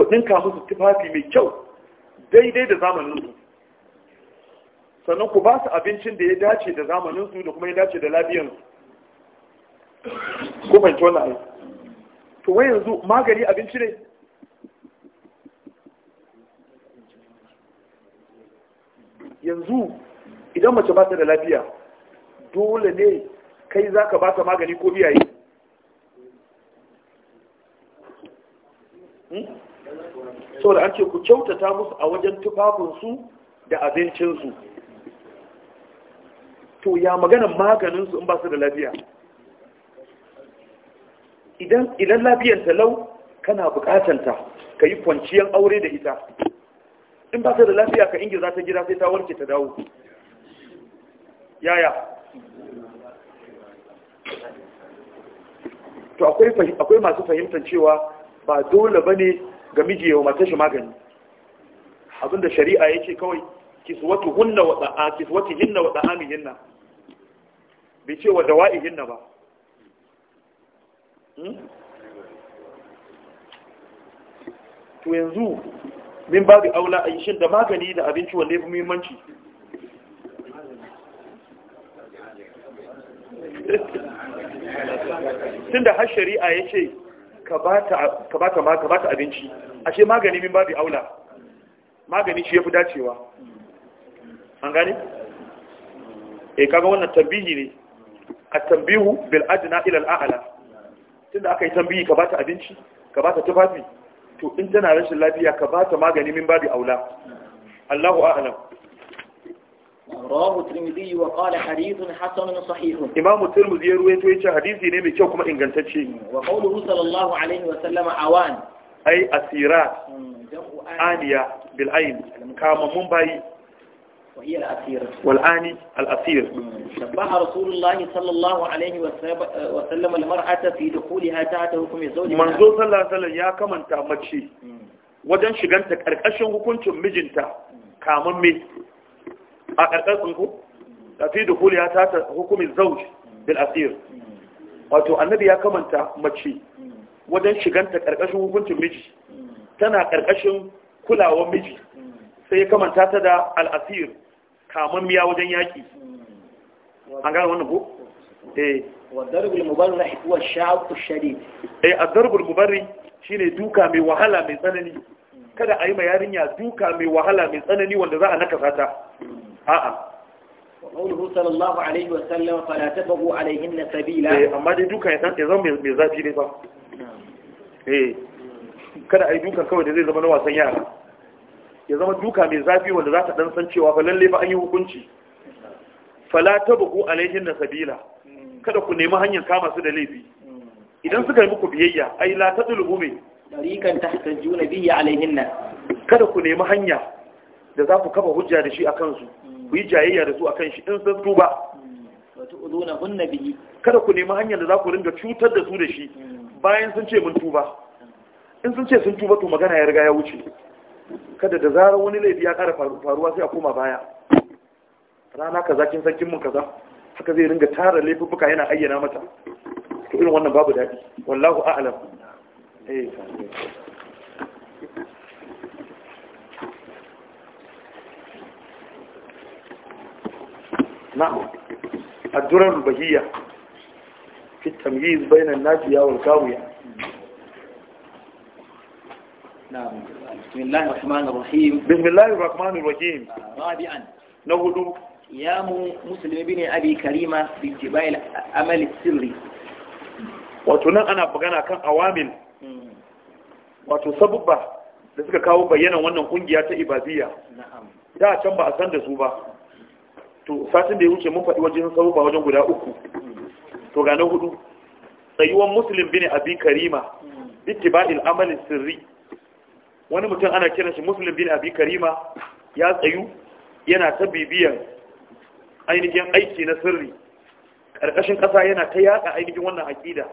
ku ɗinka musu tufafi mai kyau daidai da zamaninsu sannan ku ba su abincin da ya dace da zamaninsu da kuma ya dace da labiyansu ko fahimci wannan aiki to wai yanzu magani abinci ne yanzu idan mace ba ta da lafiya dole ne kai za ka ba ta magani ko iyaye hmm? saboda an ce ku kyautata musu a wajen tufafinsu da abincinsu to ya magana maganinsu in ba su da lafiya idan lafiyar talau kana bukatanta ka yi kwanciyar aure da ita in ba su da lafiya ka ingiza ta gida sai ta warke ta dawo yaya to akwai masu fahimtar cewa ba dole ba ne ga miji yau matar shi magani abinda shari'a ya ce kawai kiswatu hunna wa da'a kiswatu hinna wa da'ami hinna bai ce wa dawa'i hinna ba hmm? to yanzu min babu aula a yi shin da magani da abinci wanda ya fi muhimmanci tun da har shari'a ya ce ka ba ta abinci ashe magani min babu aula magani shi ya fi dacewa an gani? e eh, kaga wannan tambihi ne a tambihu bil adna ila al'ala tunda aka yi tambihi ka ba ta abinci ka ba ta tufafi to in tana rashin lafiya ka ba ta magani min babu aula Allahu a'lam رواه الترمذي وقال حديث حسن صحيح امام الترمذي يروي تو yace ne mai kyau kuma ingantacce wa qawluhu sallallahu alaihi wa sallam awan ay asirat aniya bil ayn kama mun bayi وهي الأثير والآن الأثير شبه رسول الله صلى الله عليه وسلم المرأة في دخولها تحت حكم الزوج منذ صلى الله عليه وسلم يا كمن تامتشي wajen shiganta ƙarƙashin hukuncin mijinta kamar me a ƙarƙar ku a fi dukuli ya ta hukumin zauji bil asir wato annabi ya kamanta mace wajen shiganta ƙarƙashin hukuncin miji tana ƙarƙashin kulawar miji sai ya kamanta ta da al'asir kamar miya wajen yaƙi an gane wannan ko? eh wadarbul mubarri shi shaku eh, shine duka mai wahala mai tsanani kada a yi ma yarinya duka mai wahala mai tsanani wanda za a nakasa ta a'a qawluhu sallallahu alaihi wa sallam fala tabagu alaihin sabila eh amma dai duka ya san ya zama mai zafi ne ba eh kada a yi duka kawai da zai zama na wasan yara ya zama duka mai zafi wanda za ta dan san cewa fa lalle fa an yi hukunci fala tabagu alaihin sabila kada ku nemi hanyar kama su da laifi mm. idan suka yi muku biyayya ai la tadlubu mai ta juna biyu a bihi nan. kada ku nemi hanya da za ku kafa hujja da shi a kansu, ku yi jayayya da su kan shi in sun tuba kada ku nemi hanya da za ku ringa cutar da su da shi bayan sun ce mun tuba in sun ce sun tuba to magana ya riga ya wuce kada da zarar wani laifi ya kara faruwa sai a koma baya rana kaza kin san kin mun kaza haka zai ringa tara laifuffuka yana ayyana mata to irin wannan babu daɗi wallahu a'lam na'am addurar bahiyya fi tamyiz bainan najiya wal kawiya نعم بسم الله الرحمن الرحيم بسم الله الرحمن الرحيم رابعا نهض قيام مسلم بن ابي كريمه باتباع العمل السري وتنا انا بغنا كان اوامل wato sabubba da suka kawo bayanan wannan kungiya ta ibadiyya da can ba a san da su ba to satin da ya wuce mun faɗi wajen sabubba wajen guda uku to ga hudu tsayuwan muslim bin abi karima ittiba'il amali sirri wani mutum ana kiran shi muslim bin abi karima ya tsayu yana ta bibiyan ainihin aiki na sirri ƙarƙashin ƙasa yana ta yaƙa ainihin wannan aƙida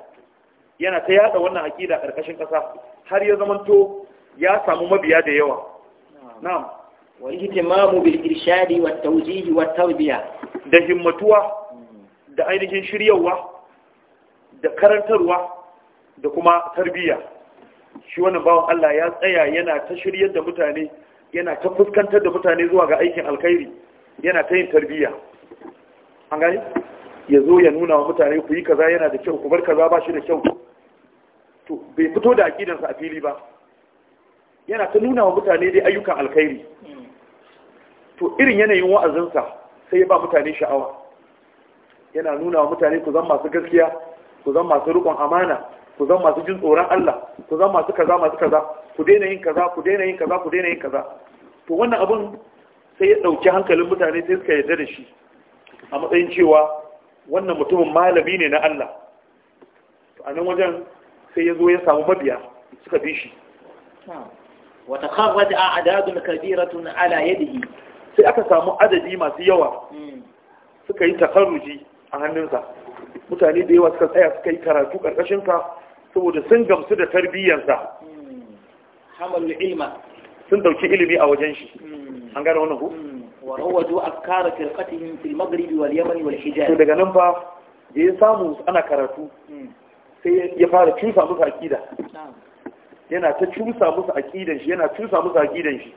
yana ta yada wannan aqida karkashin ƙasa. har ya zamanto ya samu mabiya da yawa na'am wa ihtimamu bil irshadi wa tawjih wa tarbiya da himmatuwa da ainihin shiryawa da karantarwa da kuma tarbiya shi wannan bawan Allah ya tsaya yana ta shiryar da mutane yana ta fuskantar da mutane zuwa ga aikin alkhairi yana ta yin tarbiya an gani ya zo ya nuna wa mutane ku yi kaza yana da kyau ku bar kaza ba shi da kyau to bai fito da aƙidansa a fili ba yana ta nuna wa mutane dai ayyukan alkhairi to irin yanayin wa'azinsa sai ya ba mutane sha'awa yana nuna wa mutane ku zan masu gaskiya ku zan masu rikon amana ku zan masu jin tsoron Allah ku zan masu kaza masu kaza ku daina yin kaza ku daina yin kaza ku daina yin kaza to wannan abun sai ya dauki hankalin mutane sai suka yarda da shi a matsayin cewa wannan mutumin malami ne na Allah to a nan wajen sai ya zo ya samu mabiya suka bi shi wata kharraj a'dadun kabiratun ala yadihi sai aka samu adadi masu yawa hmm. suka yi takarruji a hannunsa mutane da yawa suka tsaya suka yi karatu karkashin ka saboda sun gamsu da tarbiyyarsa hmm. hamalu ilma sun dauki ilimi a wajen shi hmm. an gane wannan ku wa rawadu afkara firqatihim fil maghrib wal yaman wal hijaz daga nan fa da ya samu ana karatu sai ya fara cusa musu akida yana ta cusa musu akidan shi yana cusa musu akidan shi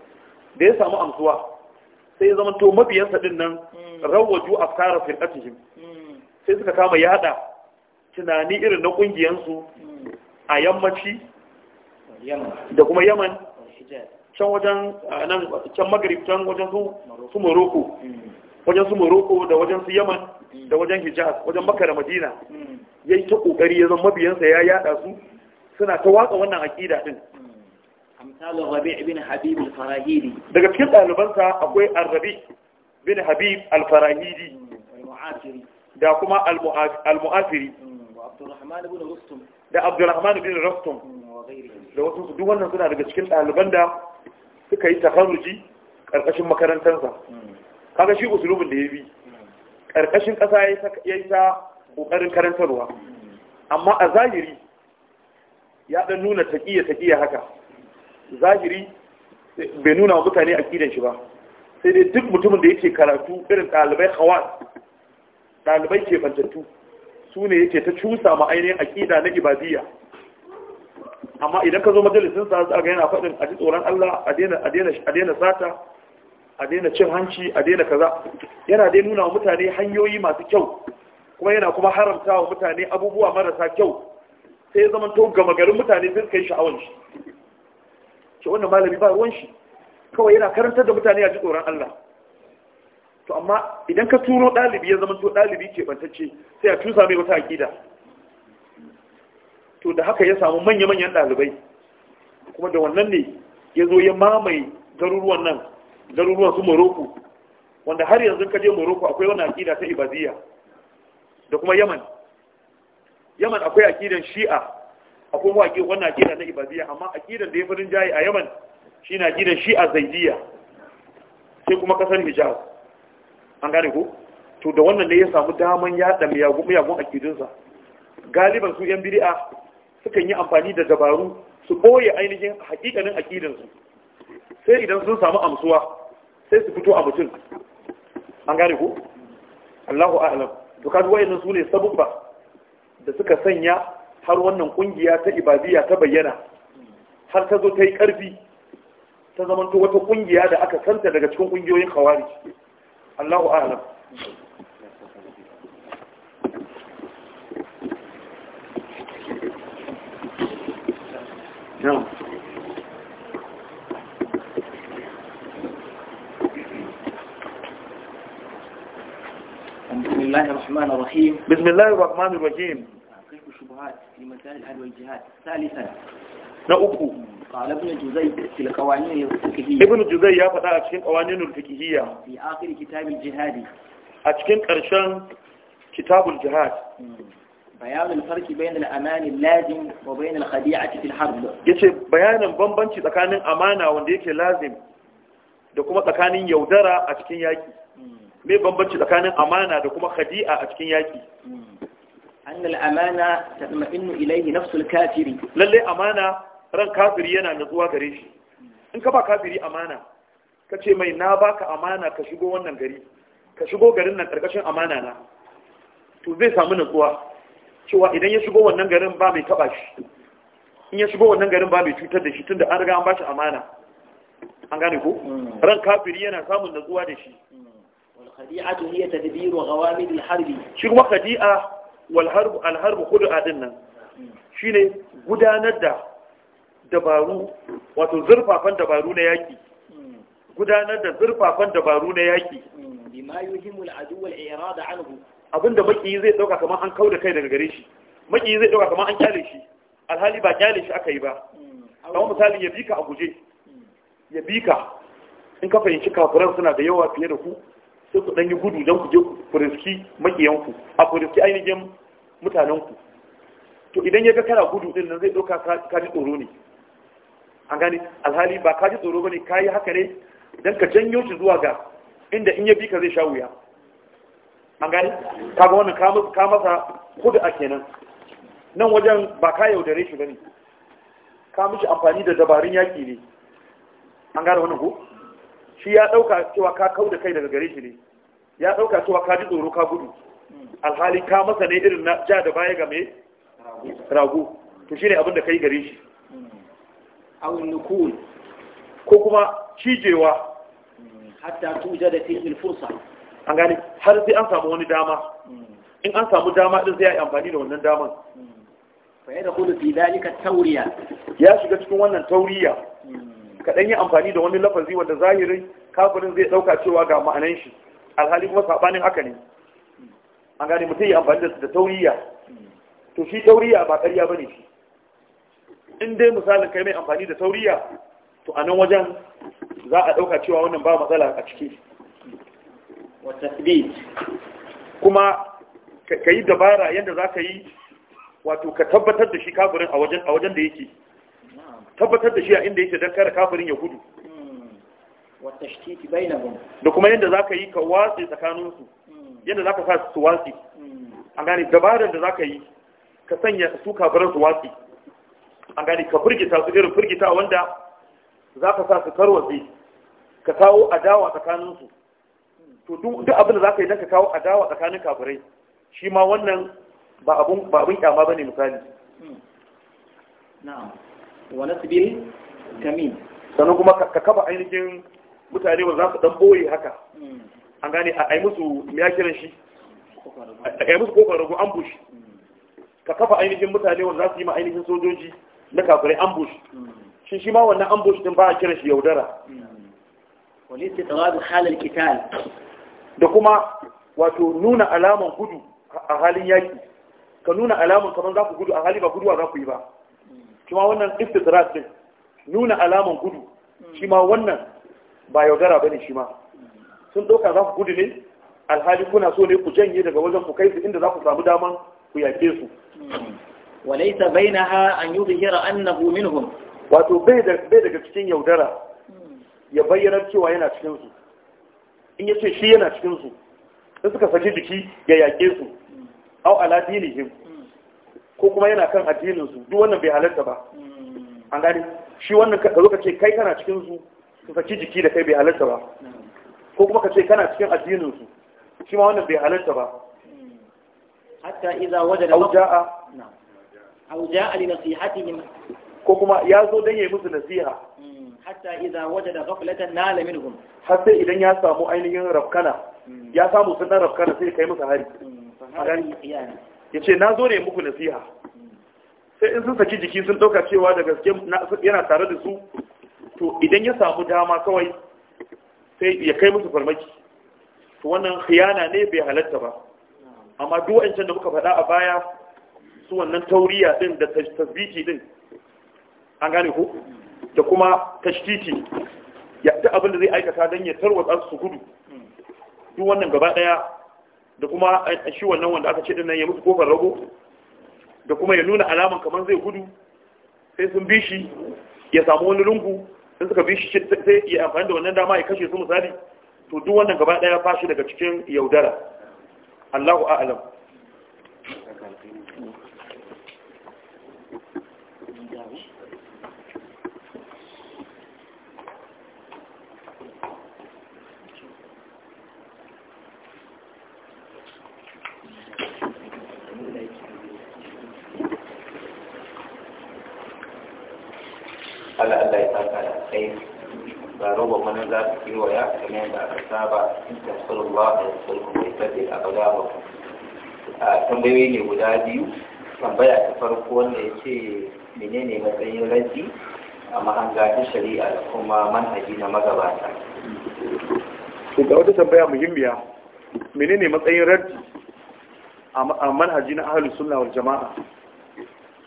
da ya samu amsuwa sai ya zama to mabiyan sa din nan hmm. rawaju afkara firqatihim hmm. sai suka kama yada tunani irin na kungiyan su hmm. a yammaci da kuma yaman can wajen nan can magrib can wajen su su morocco wajen su morocco da wajen su yaman da wajen hijaz wajen makka da madina ya yi ta ƙoƙari ya zama mabiyansa ya yada su suna ta watsa wannan aƙida ɗin amsalin rabi bin habib al-farahidi daga cikin ɗalibansa akwai arrabi. rabi bin habib al-farahidi da kuma al-mu'afiri da mm, Abdulrahman bin rustum da mm, wasu duk wannan suna daga cikin ɗaliban da suka yi tafarruji ƙarƙashin makarantarsa mm. kaga shi usulubin da ya bi ƙarƙashin ƙasa ya yi ta ƙoƙarin karantarwa amma a zahiri ya ɗan nuna taƙiya-taƙiya haka zahiri bai nuna wa mutane aƙidan shi ba sai dai duk mutumin da yake karatu irin ɗalibai hawa ɗalibai fantattu su ne yake ta cusa ma ainihin aƙida na ibadiyya amma idan ka zo majalisinsa sa za ga faɗin a ji tsoron Allah a daina sata a daina cin hanci a daina kaza yana dai nuna wa mutane hanyoyi masu kyau kuma yana kuma haramta wa mutane abubuwa marasa kyau sai ya zama to gama garin mutane sai suka yi sha'awan shi ce wannan malami ba ruwan shi kawai yana karantar da mutane a ji tsoron Allah to amma idan ka turo ɗalibi ya zama to ɗalibi ke bantacce sai a tusa mai wata aƙida to da haka ya samu manya-manyan ɗalibai kuma da wannan ne ya zo ya mamaye garuruwan nan garuruwan su moroko wanda har yanzu ka je Moroko akwai wani aƙida ta ibadiyya da kuma yaman yaman akwai akidan shi'a akwai kuma akidan wannan akidan na ibadiyya amma akidan da ya fi jayi a yaman shi na akidan shi'a zaidiyya sai kuma kasar hijaz an gane ko to da wannan ne ya samu daman yaɗa miyagun akidunsa galiban su yan bid'a sukan yi amfani da dabaru su boye ainihin hakikanin akidansu sai idan sun samu amsuwa sai su fito a mutum an gane ku allahu a'alam dukkan wayannan su ne sabubba da suka sanya har wannan kungiya ta ibadiyya ta bayyana har ta zo ta yi karfi ta to wata kungiya da aka santa daga cikin kungiyoyin khawarij Allahu a'lam الله الرحمن الرحيم بسم الله الرحمن الرحيم كيف الشبهات في مسائل الأهل والجهاد ثالثا نأكو قال ابن جزي في القوانين الفقهية ابن جزي يا فتاة أتكين قوانين الفقهية في آخر كتاب الجهاد أتكين قرشان كتاب الجهاد بيان الفرق بين الأمان اللازم وبين الخديعة في الحرب يتي بيان بمبنشي تكانين أمانة وانديك لازم da kuma tsakanin yaudara a cikin yaƙi me bambanci tsakanin amana da kuma khadi'a a cikin yaki annal amana tatma'innu ilayhi nafsul kafiri lalle amana ran kafiri yana nutsuwa gare shi in ka ba kafiri amana ka ce mai na baka amana ka shigo wannan gari ka shigo garin nan karkashin amana na to zai samu nutsuwa? cewa idan ya shigo wannan garin ba mai taba shi in ya shigo wannan garin ba mai cutar da shi tunda an riga an bashi amana an gane ko hmm. ran kafiri yana samun nutsuwa da shi hmm. khadi'atu hiya tadbiru ghawamid al-harbi shi kuma khadi'a wal harb al harb khudu'a dinnan shine gudanar da dabaru wato zurfafan dabaru na yaki gudanar da zurfafan dabaru na yaki bima yuhimul adu wal irada anhu abinda maki zai dauka kamar an kauda kai daga gare shi maki zai dauka kamar an kyale shi alhali ba kyale shi aka yi ba hmm. kamar misali ya bika a guje hmm. ya bika in ka fahimci kafiran suna da yawa fiye da ku sai ku ɗanyi gudu don ku je ku riski makiyanku a ku ainihin mutanenku to idan ya ga kana gudu din nan zai ɗauka ka ji tsoro ne an gani alhali ba ka ji tsoro ba ne ka yi haka ne don ka janyo shi zuwa ga inda in ya bi ka zai sha wuya an gani ka ga wannan ka masa kudu a kenan nan wajen ba ka yaudare shi ba ne ka mishi amfani da dabarun yaƙi ne an gane wannan ko shi ya ɗauka cewa ka kau da kai daga gare shi ne ya ɗauka cewa ka ji tsoro ka gudu alhali ka masa ne irin na ja da baya ga mai rago to shi ne abin da kai gare shi awon nukul ko kuma cijewa hatta tuja da fi'il fursa an gane har sai an samu wani dama hmm. in an samu dama din sai ya yi amfani da wannan daman hmm. fa ya da kudu fi dalika tauriya ya shiga cikin wannan tauriya hmm. kaɗan yi amfani da wani lafazi wanda zahirin kafirin zai ɗauka cewa ga ma'anan shi alhali kuma saɓanin haka ne an gane mutum yi amfani da tauriya to shi tauriya ba ƙarya ba ne shi in dai misalin kai mai amfani da tauriya to a nan wajen za a ɗauka cewa wannan ba matsala a ciki kuma ka yi dabara yadda za ka yi wato ka tabbatar da shi kafirin a wajen da yake tabbatar da shi a inda yake don kare kafirin ya gudu hmm. da kuma yadda za ka yi ka watsi tsakaninsu hmm. yadda za ka sa su watsi hmm. an gane dabarar da za ka yi ka sanya su kafirar su watsi an gane ka firgita su irin firgita wanda za ka sa su karwatsi ka kawo adawa tsakaninsu to duk abin da za ka yi don ka kawo adawa tsakanin kafirai shi ma wannan ba abin kyama ba ne misali wa nasbil tamim sannan kuma ka kaba ainihin mutane ba za su dan boye haka hmm. an gane a yi musu ya kiran shi a yi musu kofar rago ambush hmm. ka kafa ainihin mutane wanda za su yi ma ainihin sojoji na kafirai ambush hmm. shi shi ma wannan ambush din ba a kiran shi yaudara wani ce tsawadu halar kital da kuma wato nuna alaman gudu a halin yaki ka nuna alaman kamar za ku gudu a hali ba guduwa za ku yi ba shi ma wannan istidrak din nuna alaman gudu shi ma wannan ba yaudara bane shi ma sun ɗauka za ku gudu ne alhali kuna so ne ku janye daga wajen ku kai su inda za ku samu daman ku yaƙe su walaisa bainaha an yuzhira annahu minhum wato bai daga cikin yaudara ya bayyana cewa yana cikin su in yace shi yana cikin su in suka saki jiki ya yake su au ala him. ko kuma yana kan addinin su duk wannan bai halarta ba hmm. an gane shi wannan ka zo ka ce kai kana cikin su su saki jiki da kai bai halarta ba hmm. ko kuma ka ce kana cikin addinin su shi ma wannan bai halarta ba hmm. hatta idza wajada aw jaa aw jaa li nasihatihim ko kuma ya zo dan yayi musu nasiha hatta idza wajada ghaflatan nala minhum har sai idan ya samu ainihin rafkana ya samu sun dan rafkana sai kai musu hari ya ce na zo ne muku nasiha sai in sun saki jiki sun ɗauka cewa da gaske yana tare da su to idan ya samu dama kawai sai ya kai musu farmaki to wannan khiyana ne bai halatta ba amma duk wancan da muka faɗa a baya su wannan tauriya din da tasbiki din an gane ku? da kuma tashtiti ya ta abin da zai aikata don ya tarwatsa su gudu duk wannan gaba ɗaya da kuma shi wannan wanda aka ce dinnan nan ya mutu kofar rago da kuma ya nuna alaman kamar zai gudu sai sun bi shi ya samu wani lungu sai suka bi shi sai ya amfani da wannan dama ya kashe su misali to duk wannan gaba daya fashi daga cikin yaudara Allahu a'lam babban wani za su kewaya kamar yadda aka saba in tafsirullah da tafsirku bai tafi a bada ba a tambayoyi ne guda biyu tambaya ta farko wanda ya ce menene matsayin raji a mahanga ta shari'a da kuma manhaji na magabata to ga wata tambaya muhimmiya menene matsayin raddi a manhaji na ahlus sunna wal jama'a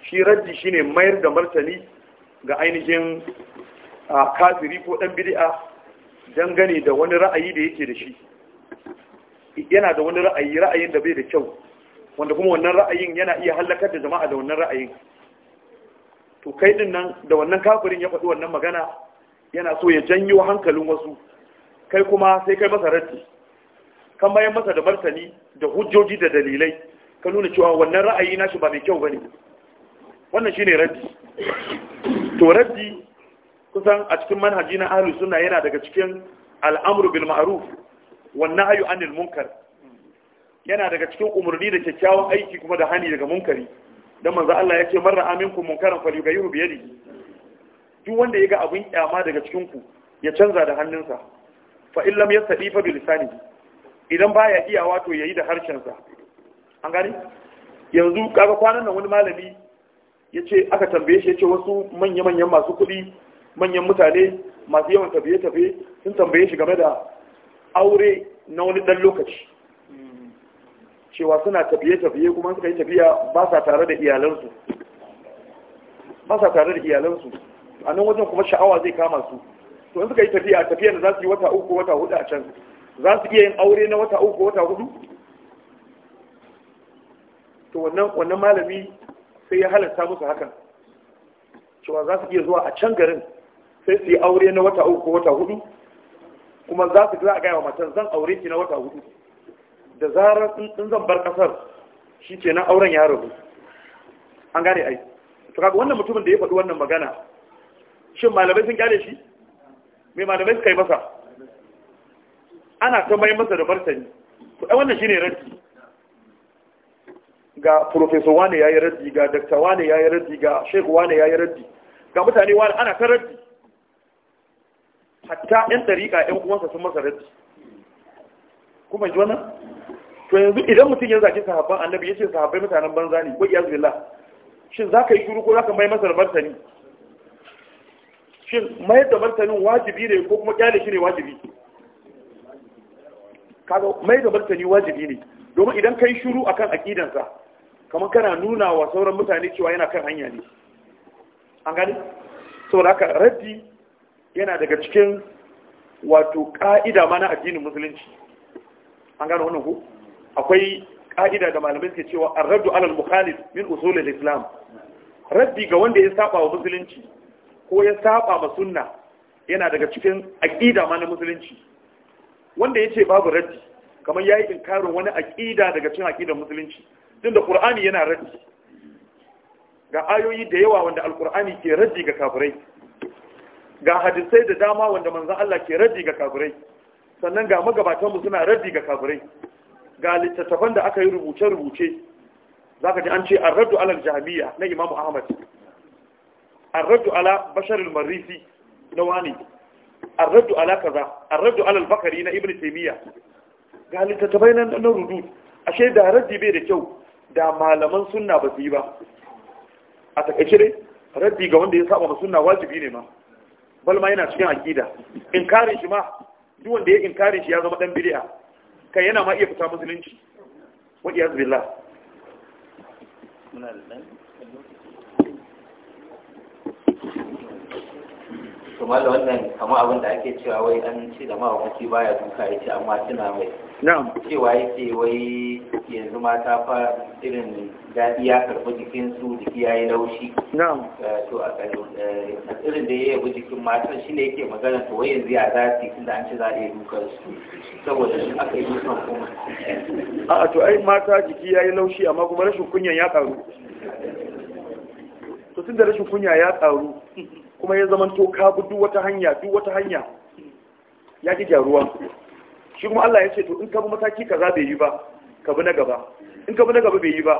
shi ne shine mayar da martani ga ainihin A kafiri ko ɗan bid'a dangane da wani ra'ayi da yake da shi yana da wani ra'ayi ra'ayin da bai da kyau wanda kuma wannan ra'ayin yana iya halakar da jama'a da wannan ra'ayin to kai din nan da wannan kafirin ya faɗi wannan magana yana so ya janyo hankalin wasu kai kuma sai kai masa raddi kan bayan masa da martani da hujjoji da dalilai ka nuna cewa wannan ra'ayi nashi ba mai kyau bane wannan shine raddi to raddi kusan a cikin manhaji na ahlu sunna yana daga cikin al'amru bil ma'ruf wan nahyu anil munkar yana daga cikin umurni da kyakkyawan aiki kuma da hani daga munkari dan manzo Allah yake marra aminkum munkaran falyughayyiru bi yadihi duk wanda ya ga kyama daga cikin ku ya canza da hannunsa fa in lam fa bil lisanihi idan baya iya wato yayi da harshensa an gani yanzu kaga kwanan nan wani malami ya ce aka tambaye shi ya ce wasu manya-manyan masu kuɗi manyan mutane masu yawan tafiye-tafiye sun tambaye shi game da aure na wani ɗan lokaci cewa suna tafiye-tafiye kuma suka yi tafiya ba sa tare da iyalansu ba sa tare da iyalansu a nan wajen kuma sha'awa zai kama su to in suka yi tafiya tafiya da za su yi wata uku wata hudu a can za su iya yin aure na wata uku wata hudu to wannan malami sai ya halatta musu hakan cewa za su iya zuwa a can garin sai su yi aure na wata uku ko wata hudu kuma za su za a gaya wa matan zan aure ki na wata hudu da zarar in zan bar kasar shi ke nan auren ya rabu an gane ai to kaga wannan mutumin da ya faɗi wannan magana shin malamai sun gane shi me malamai suka yi masa ana ta mai masa da martani to ai wannan shine raddi ga professor wane yayi raddi ga dr wane yayi raddi ga sheikh wane yayi raddi ga mutane wane ana ta raddi hatta ɗan ɗariƙa ɗan uwansa sun masa raddi kuma ji wannan to yanzu idan mutum ya zaki sahabban annabi ya ce sahabbai mutanen banza ne ko iyaz billah shin za ka yi shuru ko za ka mai masa da martani shin mayar da martanin wajibi ne ko kuma kyale shi ne wajibi kaga mai da martani wajibi ne domin idan ka shuru a akan akidansa kamar kana nuna wa sauran mutane cewa yana kan hanya ne an gani saboda haka raddi yana daga cikin wato ƙa'ida mana addinin musulunci an gano wannan ku akwai ƙa'ida da malamai ke cewa a raddu alal mukhalif min usulul islam raddi ga wanda ya saba wa musulunci ko ya saba ma sunna yana daga cikin aqida ma na musulunci wanda yace babu raddi kamar yayi inkarin wani aqida daga cikin aqidar musulunci tunda qur'ani yana raddi ga ayoyi da yawa wanda alqur'ani ke raddi ga kafirai ga hadisai da dama wanda manzan Allah ke raddi ga kaburai sannan ga magabatanmu suna raddi ga kaburai ga littattafan da aka yi rubuce-rubuce za ka ji an ce an raddu alal jami'a na imamu ahmad an raddu ala basharul marisi na wani an raddu ala kaza an raddu alal bakari na ibn taimiyya ga littattafai na rudu ashe da raddi bai da kyau da malaman sunna ba su yi ba a takaice dai raddi ga wanda ya saba ma sunna wajibi ne ma balma yana cikin aqida inkarin shi ma duk wanda ya inkarin shi ya zama dan bid'a kai yana ma iya fita musulunci wa iyaz billah to malla wannan kamar abin da ake cewa wai an ce da mahaukaci baya duka ya amma tuna mai cewa yake wai yanzu mata fa irin dadi ya jikin jikinsu jiki ya yi laushi eh, to a kai eh, irin da ya jikin matan shi ne yake magana to wai yanzu ya za su da an ce za a yi dukar su saboda shi aka yi dukan kuma a to ai mata jiki ya yi laushi amma kuma rashin kunyan ya karu to tunda rashin kunya ya karu kuma ya zama to ka duk wata hanya duk wata hanya ya ji gyaruwa shi kuma Allah ya ce to in ka bi mataki kaza bai yi ba ka bi na gaba in ka bi na gaba bai yi ba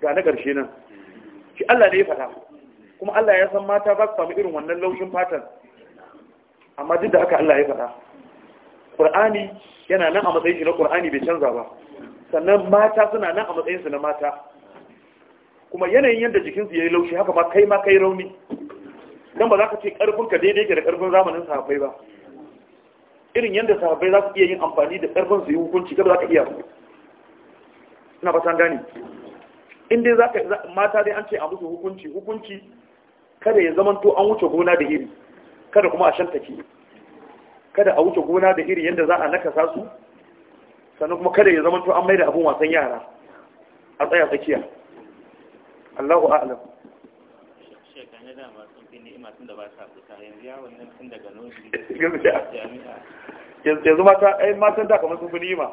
ga na ƙarshe nan shi Allah ne ya faɗa kuma Allah ya san mata ba su samu irin wannan laushin fatan amma duk da haka Allah ya faɗa Qur'ani yana nan a matsayin shi na Qur'ani bai canza ba sannan mata suna nan a matsayin su na mata kuma yanayin yadda jikinsu ya yi laushi haka ma kai ma kai rauni dan ba za ka ce karfin ka daidai ke da karfin zamanin sahabbai ba irin yadda sahabbai za su iya yin amfani da karfin su yi hukunci gaba za ka iya ina san gani in dai za ka mata dai an ce a musu hukunci hukunci kada ya to an wuce gona da iri kada kuma a ke kada a wuce gona da iri yadda za a nakasa su sannan kuma kada ya to an mai da abin wasan yara a tsaya tsakiya Allahu a'lam yanzu mata ai matan da kamar sun fi ni'ima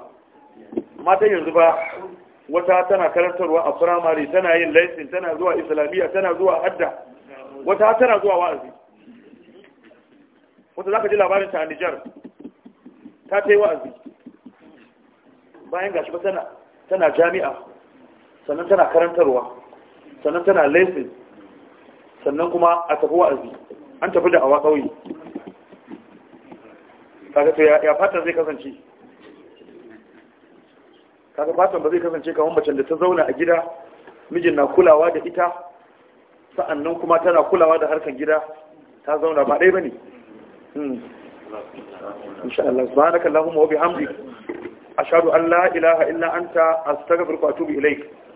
mata yanzu ba wata tana karantarwa a firamare tana yin laifin tana zuwa islamiyya tana zuwa hadda wata tana zuwa wa'azi wata za ka ji labarin ta a nijar ta ta yi wa'azi bayan gashi ba tana jami'a sannan tana karantarwa sannan tana laifin. sannan kuma a tafi wa'azi an tafi da awa ƙauye kaga to ya fatan zai kasance kaga fatan ba zai kasance kamar macen da ta zauna a gida mijin na kulawa da ita sa'annan kuma tana kulawa da harkan gida ta zauna ba ɗaya ne? Hmm. insha Allah na kallon wa bihamdik ashhadu an la ilaha illa ta astaghfiruka a tubi ilai